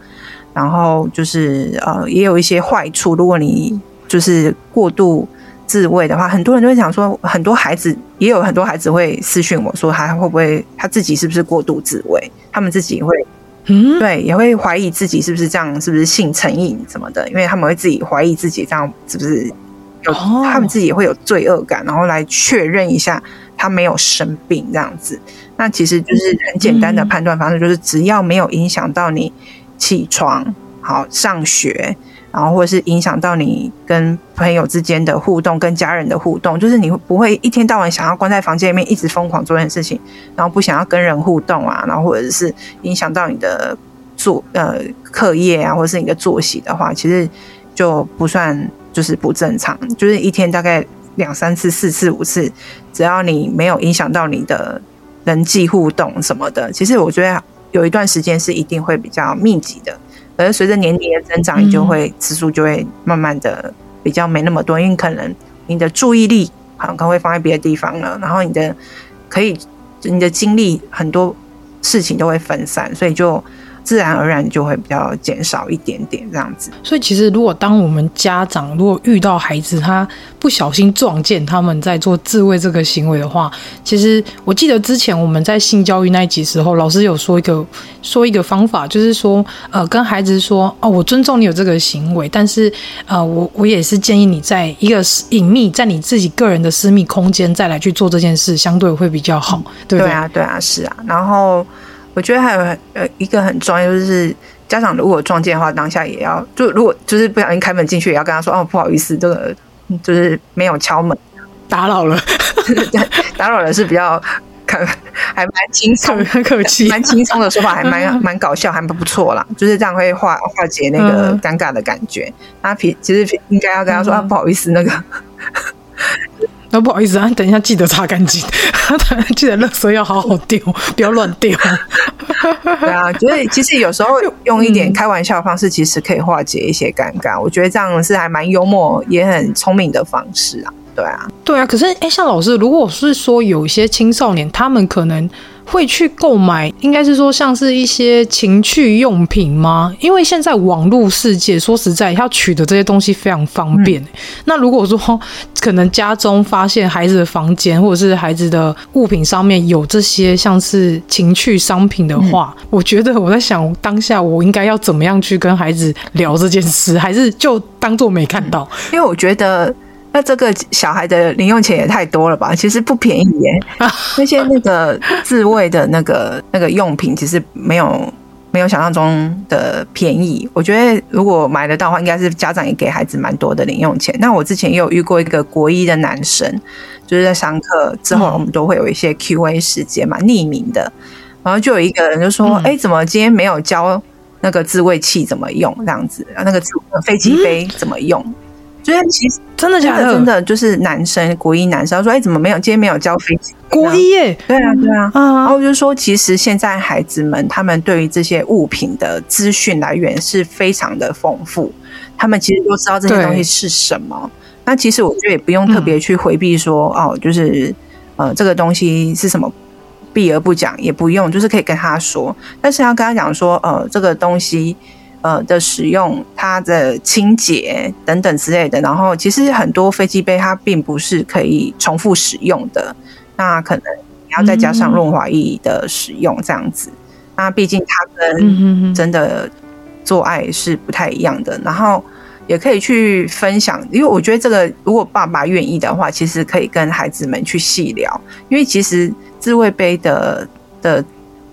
然後就是呃，也有一些壞處。如果你就是過度自慰的話，很多人都會想說，很多孩子也有很多孩子會私訊我說，他會不會他自己是不是過度自慰？他們自己會，嗯，對，也會懷疑自己是不是這樣，是不是性成癮什麼的？因為他們會自己懷疑自己這樣是不是有，哦、他們自己也會有罪惡感，然後來確認一下。他沒有生病這樣子，那其實就是很簡單的判斷方式，就是只要沒有影響到你起床、好上學，然後或者是影響到你跟朋友之間的互動、跟家人的互動，就是你不會一天到晚想要關在房間裡面一直瘋狂做件事情，然後不想要跟人互動啊，然後或者是影響到你的做呃課業啊，或者是你的作息的話，其實就不算就是不正常，就是一天大概。兩三次、四次、五次，只要你沒有影響到你的人際互動什麼的，其實我覺得有一段時間是一定會比較密集的。而隨着年齡的增長，你就會次數就會慢慢的比較沒那麼多，嗯、因為可能你的注意力好像可能會放在別的地方了，然後你的可以你的精力很多事情都會分散，所以就。自然而然就會比較減少一點點這樣子，所以其實如果當我們家長如果遇到孩子他不小心撞見他們在做自慰這個行為的話，其實我記得之前我們在性教育那一集時候，老師有說一個說一個方法，就是說呃跟孩子說哦，我尊重你有這個行為，但是呃我我也是建議你在一個私隱秘在你自己個人的私密空間再來去做這件事，相對會比較好，嗯對不對？對啊，對啊，是啊，然後。我覺得還有呃一個很重要，就是家長如果撞見的話，當下也要就如果就是不小心開門進去，也要跟他說哦，不好意思，這個就是沒有敲門，打擾了， 打擾了是比較還蠻輕鬆可還蠻輕鬆，很可惜，蠻輕鬆的說法還蠻蠻搞笑，還不錯啦，就是這樣會化化解那個尷尬的感覺。他、嗯、平、啊、其實應該要跟他說、嗯、啊，不好意思，那個。 那不好意思啊，等一下記得擦乾淨，記得垃圾要好好丟，不要亂丟、啊。 對啊，所以其實有時候用一點開玩笑的方式，其實可以化解一些尷尬。我覺得這樣是還蠻幽默，也很聰明的方式啊。對啊，對啊。可是，像、欸、向老師，如果是說有一些青少年，他們可能。會去購買，應該是說像是一些情趣用品嗎？因為現在網絡世界，說實在，要取得這些東西非常方便、嗯。那如果說可能家中發現孩子的房間或者是孩子的物品上面有這些像是情趣商品的話，嗯、我覺得我在想當下我應該要怎麼樣去跟孩子聊這件事，還是就當做沒看到？因為我覺得。那這個小孩的零用錢也太多了吧？其實不便宜耶、欸。那些那個自慰的那個那個用品，其實沒有沒有想象中的便宜。我覺得如果買得到的話，應該是家長也給孩子蠻多的零用錢。那我之前也有遇過一個國一的男生，就是在上課之後，我們都會有一些 Q A 時間嘛，匿名的，然後就有一個人就說：“哎、欸，怎麼今天沒有教那個自慰器怎麼用？這樣子，那個飛機杯怎麼用？”所以其實真的真的真的就是男生國一男生說，哎、欸，怎麼沒有今天沒有教飛機國一耶、欸？對啊對啊、嗯嗯嗯，然後我就說，其實現在孩子們他們對於這些物品的資訊來源是非常的豐富，他們其實都知道這些東西是什麼。那其實我覺得也不用特別去回避說、嗯、哦，就是呃這個東西是什麼，避而不講也不用，就是可以跟他說，但是要跟他講說，呃這個東西。呃的使用，它的清潔等等之類的，然後其實很多飛機杯它並不是可以重複使用的，那可能你要再加上潤滑液的使用這樣子、嗯，那畢竟它跟真的做愛是不太一樣的、嗯哼哼，然後也可以去分享，因為我覺得這個如果爸爸願意的話，其實可以跟孩子們去細聊，因為其實自慰杯的的。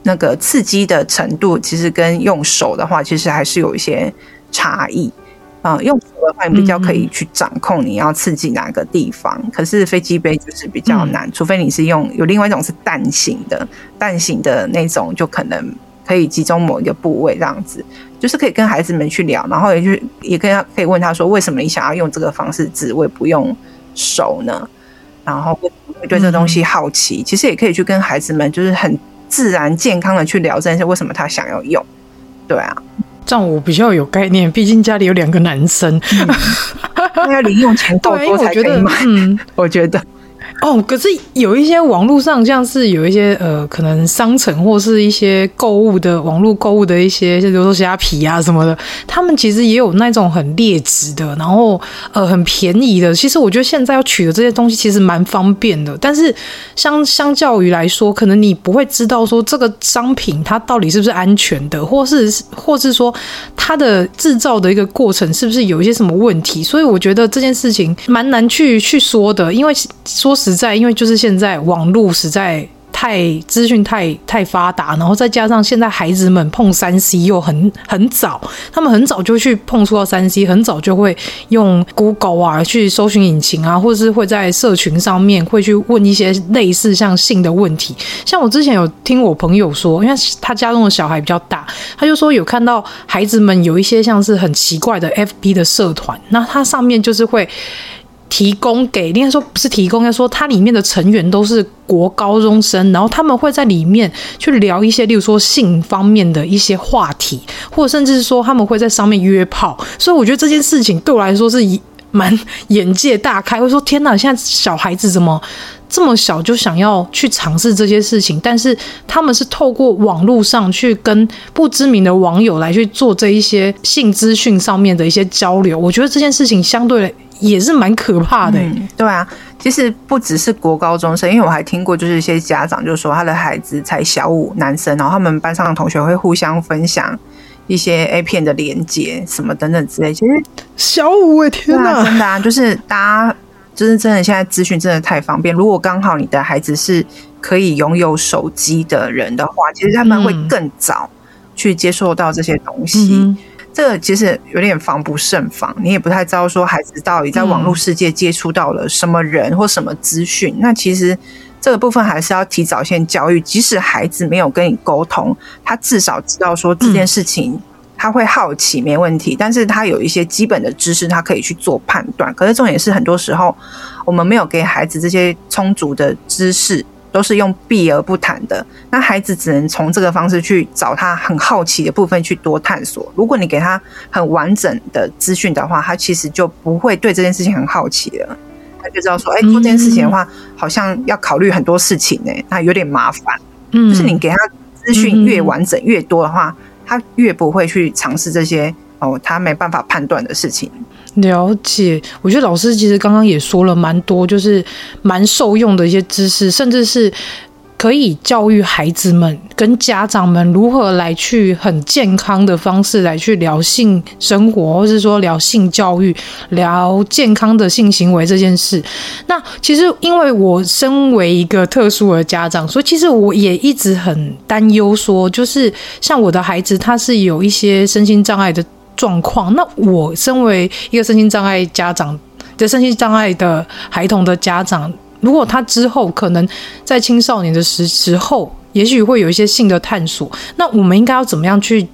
那個刺激的程度，其實跟用手的話，其實還是有一些差異啊、呃。用手的話，比較可以去掌控你要刺激哪個地方。嗯嗯，可是飛機杯就是比較難，嗯、除非你是用有另外一種是蛋形的，蛋形的那種，就可能可以集中某一個部位這樣子。就是可以跟孩子們去聊，然後也就也跟可以問他說，為什麼你想要用這個方式自慰不用手呢？然後會對這東西好奇嗯嗯，其實也可以去跟孩子們，就是很。自然健康的去聊這件事，為什麼他想要用？對啊，這樣我比較有概念，畢竟家裡有兩個男生，嗯、 要零用錢夠多才可以買。我覺得。嗯 哦，可是有一些網絡上，像是有一些呃，可能商城或是一些購物的網絡購物的一些，像比如說蝦皮啊什麼的，他們其實也有那種很劣質的，然後呃很便宜的。其實我覺得現在要取得這些東西其實蠻方便的，但是相相較於來說，可能你不會知道說這個商品它到底是不是安全的，或是或是說它的制造的一個過程是不是有一些什麼問題。所以我覺得這件事情蠻難去去說的，因為說實。實在，因為就是現在網絡實在太資訊太太發達，然後再加上現在孩子們碰三 C 又很很早，他們很早就去碰觸到三 C，很早就會用 Google 啊去搜尋引擎啊，或者是會在社群上面會去問一些類似像性的問題。像我之前有聽我朋友說，因為他家中的小孩比較大，他就說有看到孩子們有一些像是很奇怪的 FB 的社團，那他上面就是會。提供給，應該說不是提供，應該說它裡面的成員都是國高中生，然後他們會在裡面去聊一些，例如說性方面的一些話題，或者甚至是說他們會在上面約炮。所以我覺得這件事情對我來說是蠻眼界大開，會說天哪，現在小孩子怎麼這麼小就想要去嘗試這些事情？但是他們是透過網絡上去跟不知名的網友來去做這一些性資訊上面的一些交流。我覺得這件事情相對。也是蠻可怕的。欸嗯，對啊。其實不只是國高中生，因為我還聽過，就是一些家長就是說，他的孩子才小五男生，然後他們班上的同學會互相分享一些 A 片的連結什麼等等之類。其實小五。欸，哎天哪，啊，真的啊，就是大家就是真的現在資訊真的太方便。如果剛好你的孩子是可以擁有手機的人的話，其實他們會更早去接受到這些東西。嗯嗯這個、其實有點防不勝防，你也不太知道說孩子到底在網絡世界接觸到了什麼人或什麼資訊、嗯。那其實這個部分還是要提早先教育，即使孩子沒有跟你溝通，他至少知道說這件事情他會好奇、嗯、沒問題，但是他有一些基本的知識，他可以去做判斷。可是重點是，很多時候我們沒有給孩子這些充足的知識。都是用避而不談的，那孩子只能從這個方式去找他很好奇的部分去多探索。如果你給他很完整的資訊的話，他其實就不會對這件事情很好奇了，他就知道說，哎、欸，做這件事情的話，嗯嗯，好像要考慮很多事情呢、欸，那有點麻煩。嗯嗯，就是你給他資訊越完整越多的話，他越不會去嘗試這些哦，他沒辦法判斷的事情。了解，我覺得老師其實剛剛也說了蠻多，就是蠻受用的一些知識，甚至是可以教育孩子們跟家長們如何來去很健康的方式來去聊性生活，或是說聊性教育、聊健康的性行為這件事。那其實因為我身為一個特殊的家長，所以其實我也一直很擔憂，說就是像我的孩子，他是有一些身心障礙的。狀況，那我身為一個身心障礙家長，的身心障礙的孩童的家長，如果他之後可能在青少年的時時候，也許會有一些性的探索，那我們應該要怎麼樣去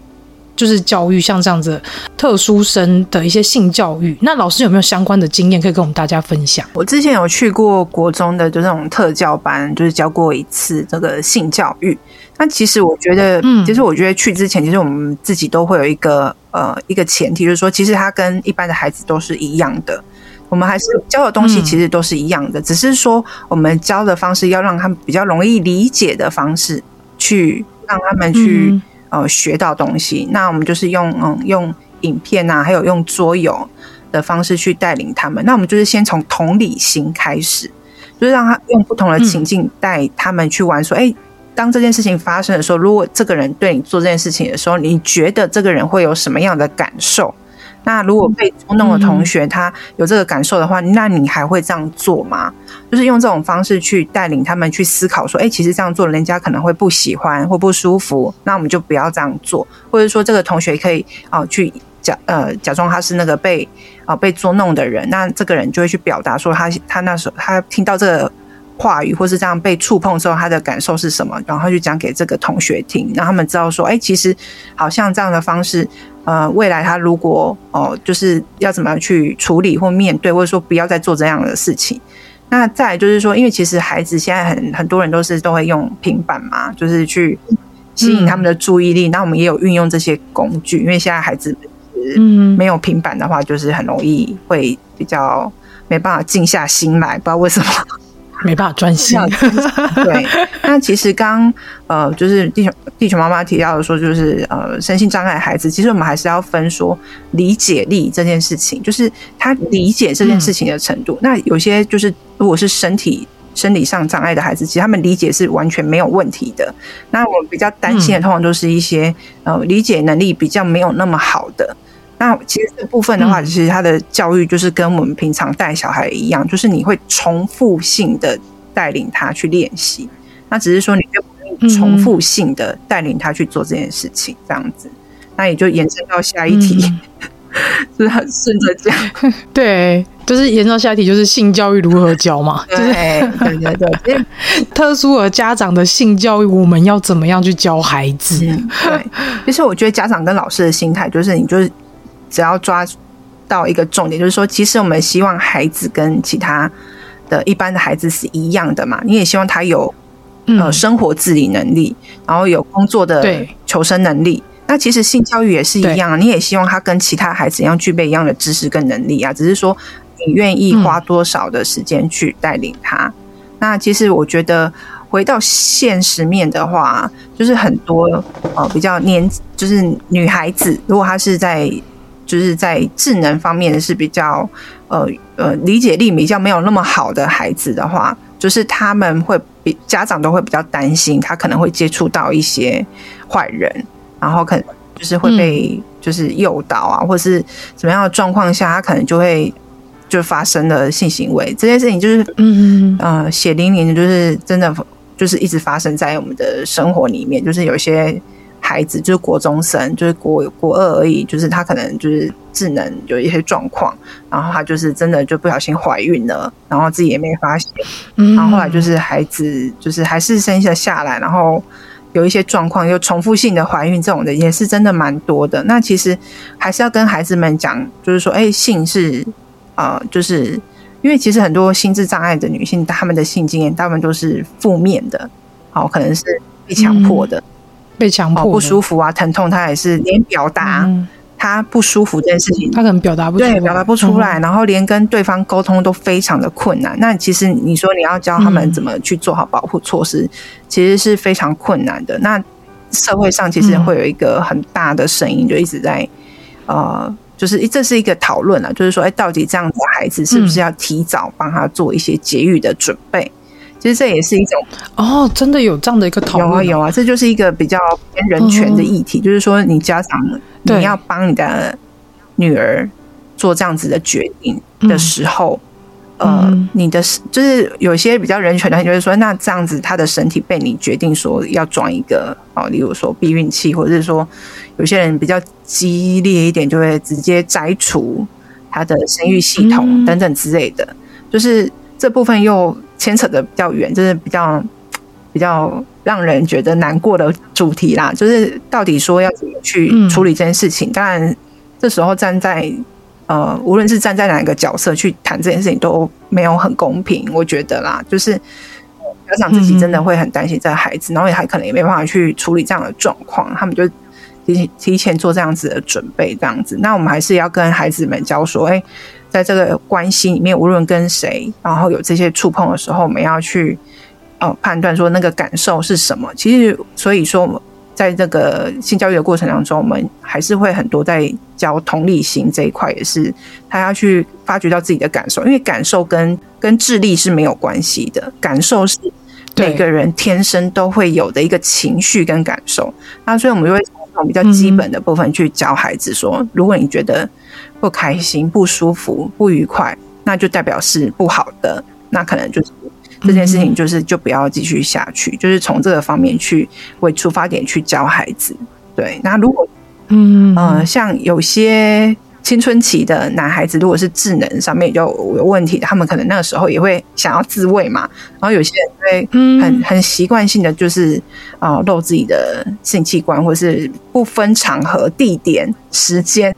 就是教育，像這樣子特殊生的一些性教育，那老師有沒有相關的經驗可以跟我們大家分享？我之前有去過國中的，就那種特教班，就是教過一次這個性教育。那其實我覺得，嗯、其實我覺得去之前，其實我們自己都會有一個呃一個前提，就是說，其實他跟一般的孩子都是一樣的，我們還是教的東西其實都是一樣的、嗯，只是說我們教的方式要讓他們比較容易理解的方式，去讓他們去、嗯。呃，學到東西，那我們就是用嗯用影片啊，還有用桌遊的方式去帶領他們。那我們就是先從同理心開始，就是讓他用不同的情境帶他們去玩，說，哎，嗯，欸，當這件事情發生的時候，如果這個人對你做這件事情的時候，你覺得這個人會有什麼樣的感受？那如果被捉弄的同學他有這個感受的話，嗯、那你還會這樣做嗎？就是用這種方式去帶領他們去思考，說，哎、欸，其實這樣做人家可能會不喜歡或不舒服，那我們就不要這樣做。或者說，這個同學可以啊、呃，去假呃假裝他是那個被啊、呃、被捉弄的人，那這個人就會去表達說他，他他那時候他聽到這個。話語或是這樣被觸碰之後，他的感受是什麼？然後他就講給這個同學聽，讓他們知道說：哎、欸，其實好像這樣的方式，呃，未來他如果哦、呃，就是要怎麼樣去處理或面對，或者說不要再做這樣的事情。那再來就是說，因為其實孩子現在很很多人都是都會用平板嘛，就是去吸引他們的注意力。那、嗯、我們也有運用這些工具，因為現在孩子嗯沒有平板的話、嗯，就是很容易會比較沒辦法靜下心來，不知道為什麼。沒辦法專心。對，那其實剛呃，就是地球地球媽媽提到的說，就是呃，身心障礙孩子，其實我們還是要分說理解力這件事情，就是他理解這件事情的程度。嗯、那有些就是如果是身體生理、嗯、上障礙的孩子，其實他們理解是完全沒有問題的。那我比較擔心的，通常都是一些呃理解能力比較沒有那麼好的。那其實這部分的話，其實他的教育就是跟我們平常帶小孩一樣，就是你會重複性的帶領他去練習。那只是說你又重複性的帶領他去做這件事情，這樣子，那也就延伸到下一題、嗯，就 是順着這樣。對，就是延伸到下一題，就是性教育如何教嘛， 對對對對， 特殊兒家長的性教育，我們要怎麼樣去教孩子？對，其實我覺得家長跟老師的心態，就是你就是。只要抓到一個重點，就是說，其實我們希望孩子跟其他的一般的孩子是一樣的嘛，你也希望他有呃生活自理能力，然後有工作的求生能力。那其實性教育也是一樣，你也希望他跟其他孩子一樣具備一樣的知識跟能力啊。只是說你願意花多少的時間去帶領他。那其實我覺得回到現實面的話，就是很多呃比較年就是女孩子，如果她是在就是在智能方面是比較，呃呃，理解力比較沒有那麼好的孩子的話，就是他們會比家長都會比較擔心，他可能會接觸到一些壞人，然後可能就是會被就是誘導啊，嗯、或者是怎麼樣的狀況下，他可能就會就發生了性行為這件事情，就是嗯嗯，嗯、呃，血淋淋的，就是真的就是一直發生在我們的生活裡面，就是有一些。孩子就是國中生，就是國國二而已，就是他可能就是智能有一些狀況，然後他就是真的就不小心懷孕了，然後自己也沒發現，然後後來就是孩子就是還是生下下來，然後有一些狀況又重複性的懷孕，這種的也是真的蠻多的。那其實還是要跟孩子們講，就是說，哎、欸，性是呃，就是因為其實很多心智障礙的女性，她們的性經驗大部分都是負面的，哦，可能是被強迫的。嗯被強迫、哦、不舒服啊，疼痛，他也是連表達他不舒服這件事情，嗯、他可能表達不出來，對，表達不出來、嗯，然後連跟對方溝通都非常的困難。那其實你說你要教他們怎麼去做好保護措施、嗯，其實是非常困難的。那社會上其實會有一個很大的聲音，就一直在、嗯、呃，就是這是一個討論了，就是說，哎、欸，到底這樣的孩子是不是要提早幫他做一些節育的準備？嗯其實這也是一種哦，oh, 真的有這樣的一個討論、啊。有啊有啊，這就是一個比較偏人權的議題。Uh -huh. 就是說你，你家長你要幫你的女兒做這樣子的決定的時候，嗯、呃、嗯，你的就是有些比較人權的人就是說，嗯、那這樣子她的身體被你決定說要裝一個哦，例如說避孕器，或者是說有些人比較激烈一點，就會直接摘除她的生育系統等等之類的，嗯、就是。這部分又牽扯的比較遠，就是比較比較讓人覺得難過的主題啦。就是到底說要怎麼去處理這件事情？當然，嗯，這時候站在呃，無論是站在哪一個角色去談這件事情都沒有很公平，我覺得啦。就是家長自己真的會很擔心這個孩子，嗯，然後也還可能也沒辦法去處理這樣的狀況。他們就提提前做這樣子的準備，這樣子。那我們還是要跟孩子們教說，欸在這個關係裡面，無論跟誰，然後有這些觸碰的時候，我們要去，哦、呃、判斷說那個感受是什麼。其實，所以說我們在這個性教育的過程當中，我們還是會很多在教同理心這一塊，也是他要去發掘到自己的感受，因為感受跟跟智力是沒有關係的，感受是每個人天生都會有的一個情緒跟感受。那所以，我們就會從比較基本的部分去教孩子說，嗯、如果你覺得。不開心、不舒服、不愉快，那就代表是不好的。那可能就是這件事情，就是就不要繼續下去。嗯，嗯、就是從這個方面去為出發點去教孩子。對，那如果嗯呃，像有些青春期的男孩子，如果是智能上面就有問題，他們可能那個時候也會想要自慰嘛。然後有些人會很很習慣性的就是啊、呃，露自己的性器官，或是不分場合、地點、時間。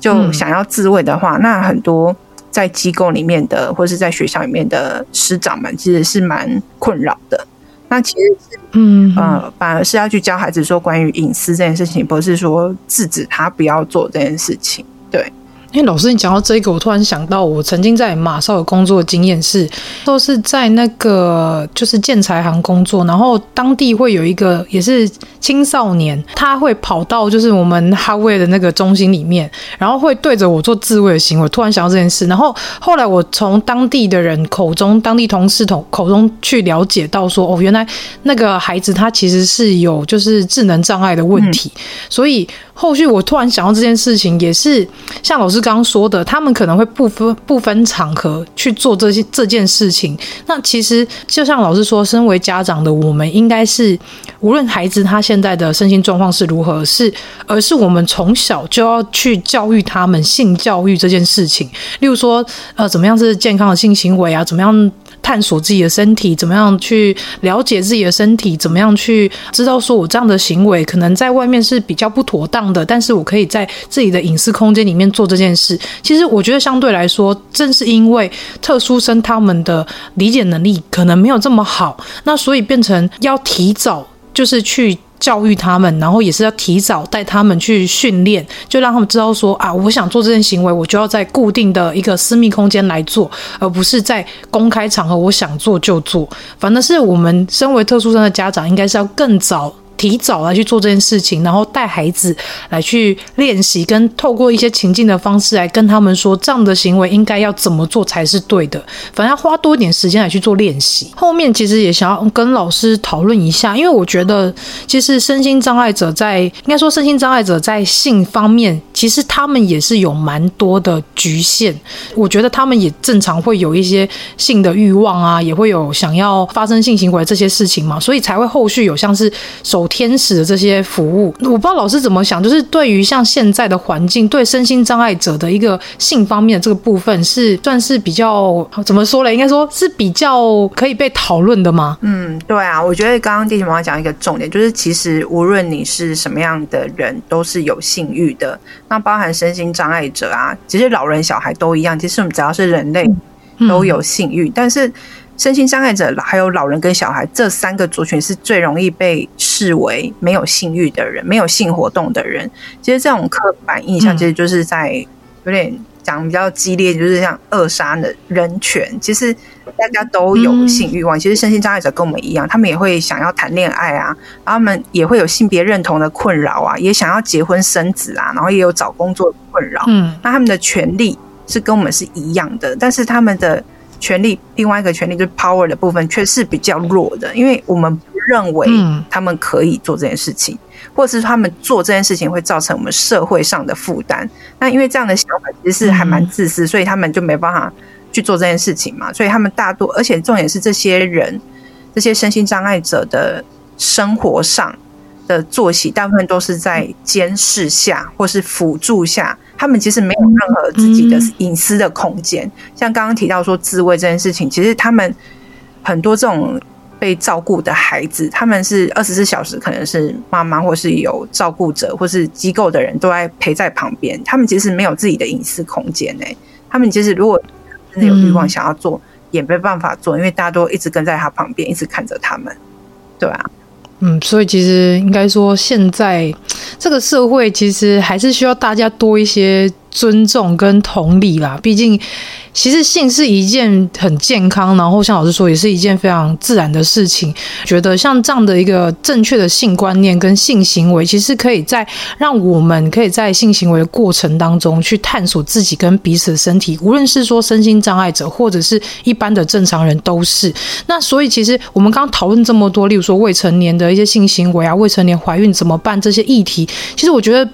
就想要自慰的話、嗯，那很多在機構裡面的或是在學校裡面的師長們其實是蠻困擾的。那其實嗯，呃，反而是要去教孩子說關於隱私這件事情，不是說制止他不要做這件事情，對。因為老師，你講到這個，我突然想到我曾經在馬紹爾工作經驗是，都是在那個就是建材行工作，然後當地會有一個也是青少年，他會跑到就是我們哈衛的那個中心裡面，然後會對着我做自慰的行為。突然想到這件事，然後後來我從當地的人口中，當地同事口口中去了解到說，哦，原來那個孩子他其實是有就是智能障礙的問題，嗯、所以。後續我突然想到這件事情，也是像老師剛剛說的，他們可能會不分不分場合去做這些這件事情。那其實就像老師說，身為家長的我們，應該是無論孩子他現在的身心狀況是如何，是而是我們從小就要去教育他們性教育這件事情。例如說，呃，怎麼樣是健康的性行為啊？怎麼樣。探索自己的身體，怎麼樣去了解自己的身體？怎麼樣去知道說我這樣的行為可能在外面是比較不妥當的？但是我可以在自己的隱私空間裡面做這件事。其實我覺得相對來說，正是因為特殊生他們的理解能力可能沒有這麼好，那所以變成要提早就是去。教育他們，然後也是要提早帶他們去訓練，就讓他們知道說啊，我想做這件行為，我就要在固定的一個私密空間來做，而不是在公開場合我想做就做。反正是我們身為特殊生的家長，應該是要更早。提早來去做這件事情，然後帶孩子來去練習，跟透過一些情境的方式來跟他們說這樣的行為應該要怎麼做才是對的。反正要花多一點時間來去做練習。後面其實也想要跟老師討論一下，因為我覺得其實身心障礙者在，應該說身心障礙者在性方面，其實他們也是有蠻多的局限。我覺得他們也正常會有一些性的慾望啊，也會有想要發生性行為的這些事情嘛，所以才會後續有像是手，天使的這些服務，我不知道老師怎麼想，就是對於像現在的環境，對身心障礙者的一個性方面的這個部分，是算是比較怎麼說嘞，應該說是比較可以被討論的嗎？嗯，對啊，我覺得剛剛地球媽媽講一個重點，就是其實無論你是什麼樣的人，都是有性慾的。那包含身心障礙者啊，其實老人小孩都一樣。其實我們只要是人類，都有性慾，嗯嗯，但是。身心障礙者、還有老人跟小孩這三個族群是最容易被視為沒有性欲的人，沒有性活動的人。其實這種刻板印象，其實就是在有點講比較激烈，嗯、就是像扼殺的人權。其實大家都有性欲望，嗯、其實身心障礙者跟我們一樣，他們也會想要談戀愛啊，然後他們也會有性別認同的困擾啊，也想要結婚生子啊，然後也有找工作的困擾。嗯，那他們的權利是跟我們是一樣的，但是他們的。權力，另外一個權力就是 power 的部分，卻是比較弱的，因為我們不認為他們可以做這件事情，嗯、或者是他們做這件事情會造成我們社會上的負擔。那因為這樣的想法其實是還蠻自私、嗯，所以他們就沒辦法去做這件事情嘛。所以他們大多，而且重點是這些人，這些身心障礙者的生活上的作息大部分都是在監視下或是輔助下，他們其實沒有任何自己的隱私的空間。像剛剛提到說自慰這件事情，其實他們很多這種被照顧的孩子，他們是二十四小時可能是媽媽或是有照顧者或是機構的人都在陪在旁邊，他們其實沒有自己的隱私空間呢，他們其實如果真的有欲望想要做，也沒辦法做，因為大家都一直跟在他旁邊，一直看着他們，對啊。嗯，所以其實應該說現在這個社會其實還是需要大家多一些尊重跟同理啦，畢竟其實性是一件很健康，然後像老師說也是一件非常自然的事情。覺得像這樣的一個正確的性觀念跟性行為，其實可以在讓我們可以在性行為的過程當中去探索自己跟彼此的身體，無論是說身心障礙者或者是一般的正常人都是。那所以其實我們剛剛討論這麼多，例如說未成年的一些性行為啊，未成年懷孕怎麼辦這些議題，其實我覺得。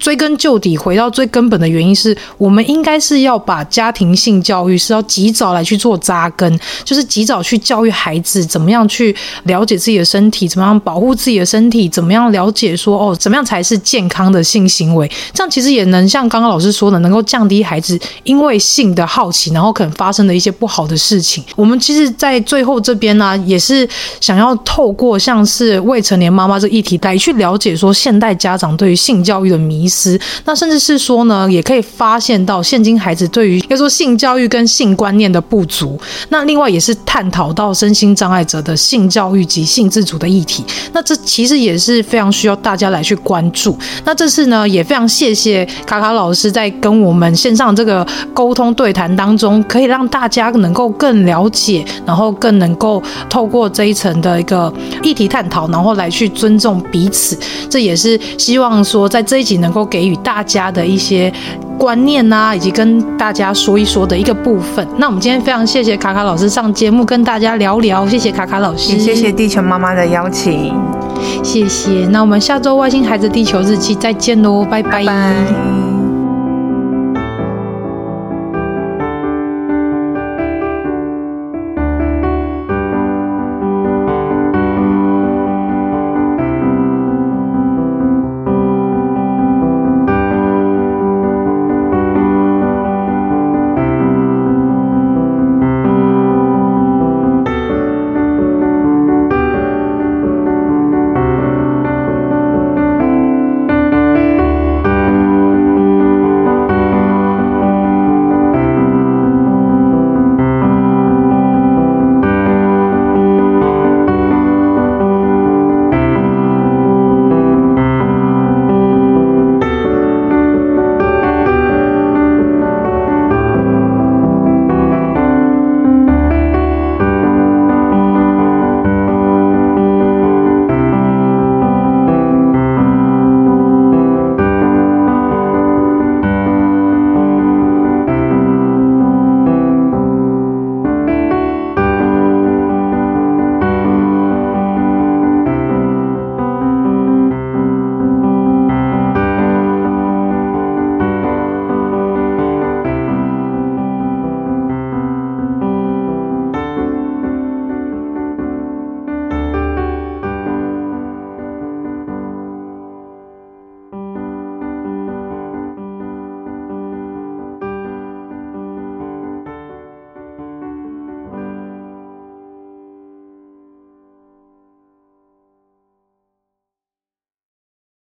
追根究底，回到最根本的原因是我們應該是要把家庭性教育是要及早來去做紮根，就是及早去教育孩子怎麼樣去了解自己的身體，怎麼樣保護自己的身體，怎麼樣了解說哦，怎麼樣才是健康的性行為？這樣其實也能像剛剛老師說的，能夠降低孩子因為性的好奇，然後可能發生的一些不好的事情。我們其實，在最後這邊呢、啊，也是想要透過像是未成年媽媽這議題來去了解說，現代家長對於性教育的迷。那甚至是說呢，也可以發現到現今孩子對於要說性教育跟性觀念的不足。那另外也是探討到身心障礙者的性教育及性自主的議題。那這其實也是非常需要大家來去關注。那這次呢，也非常謝謝卡卡老師在跟我們線上這個溝通對談當中，可以讓大家能夠更了解，然後更能夠透過這一層的一個議題探討，然後來去尊重彼此。這也是希望說在這一集能夠。給予大家的一些觀念吶、啊，以及跟大家說一說的一個部分。那我們今天非常謝謝卡卡老師上節目跟大家聊聊，謝謝卡卡老師，謝謝地球媽媽的邀請，謝謝。那我們下周《外星孩子地球日記》再見嘍，拜拜，拜。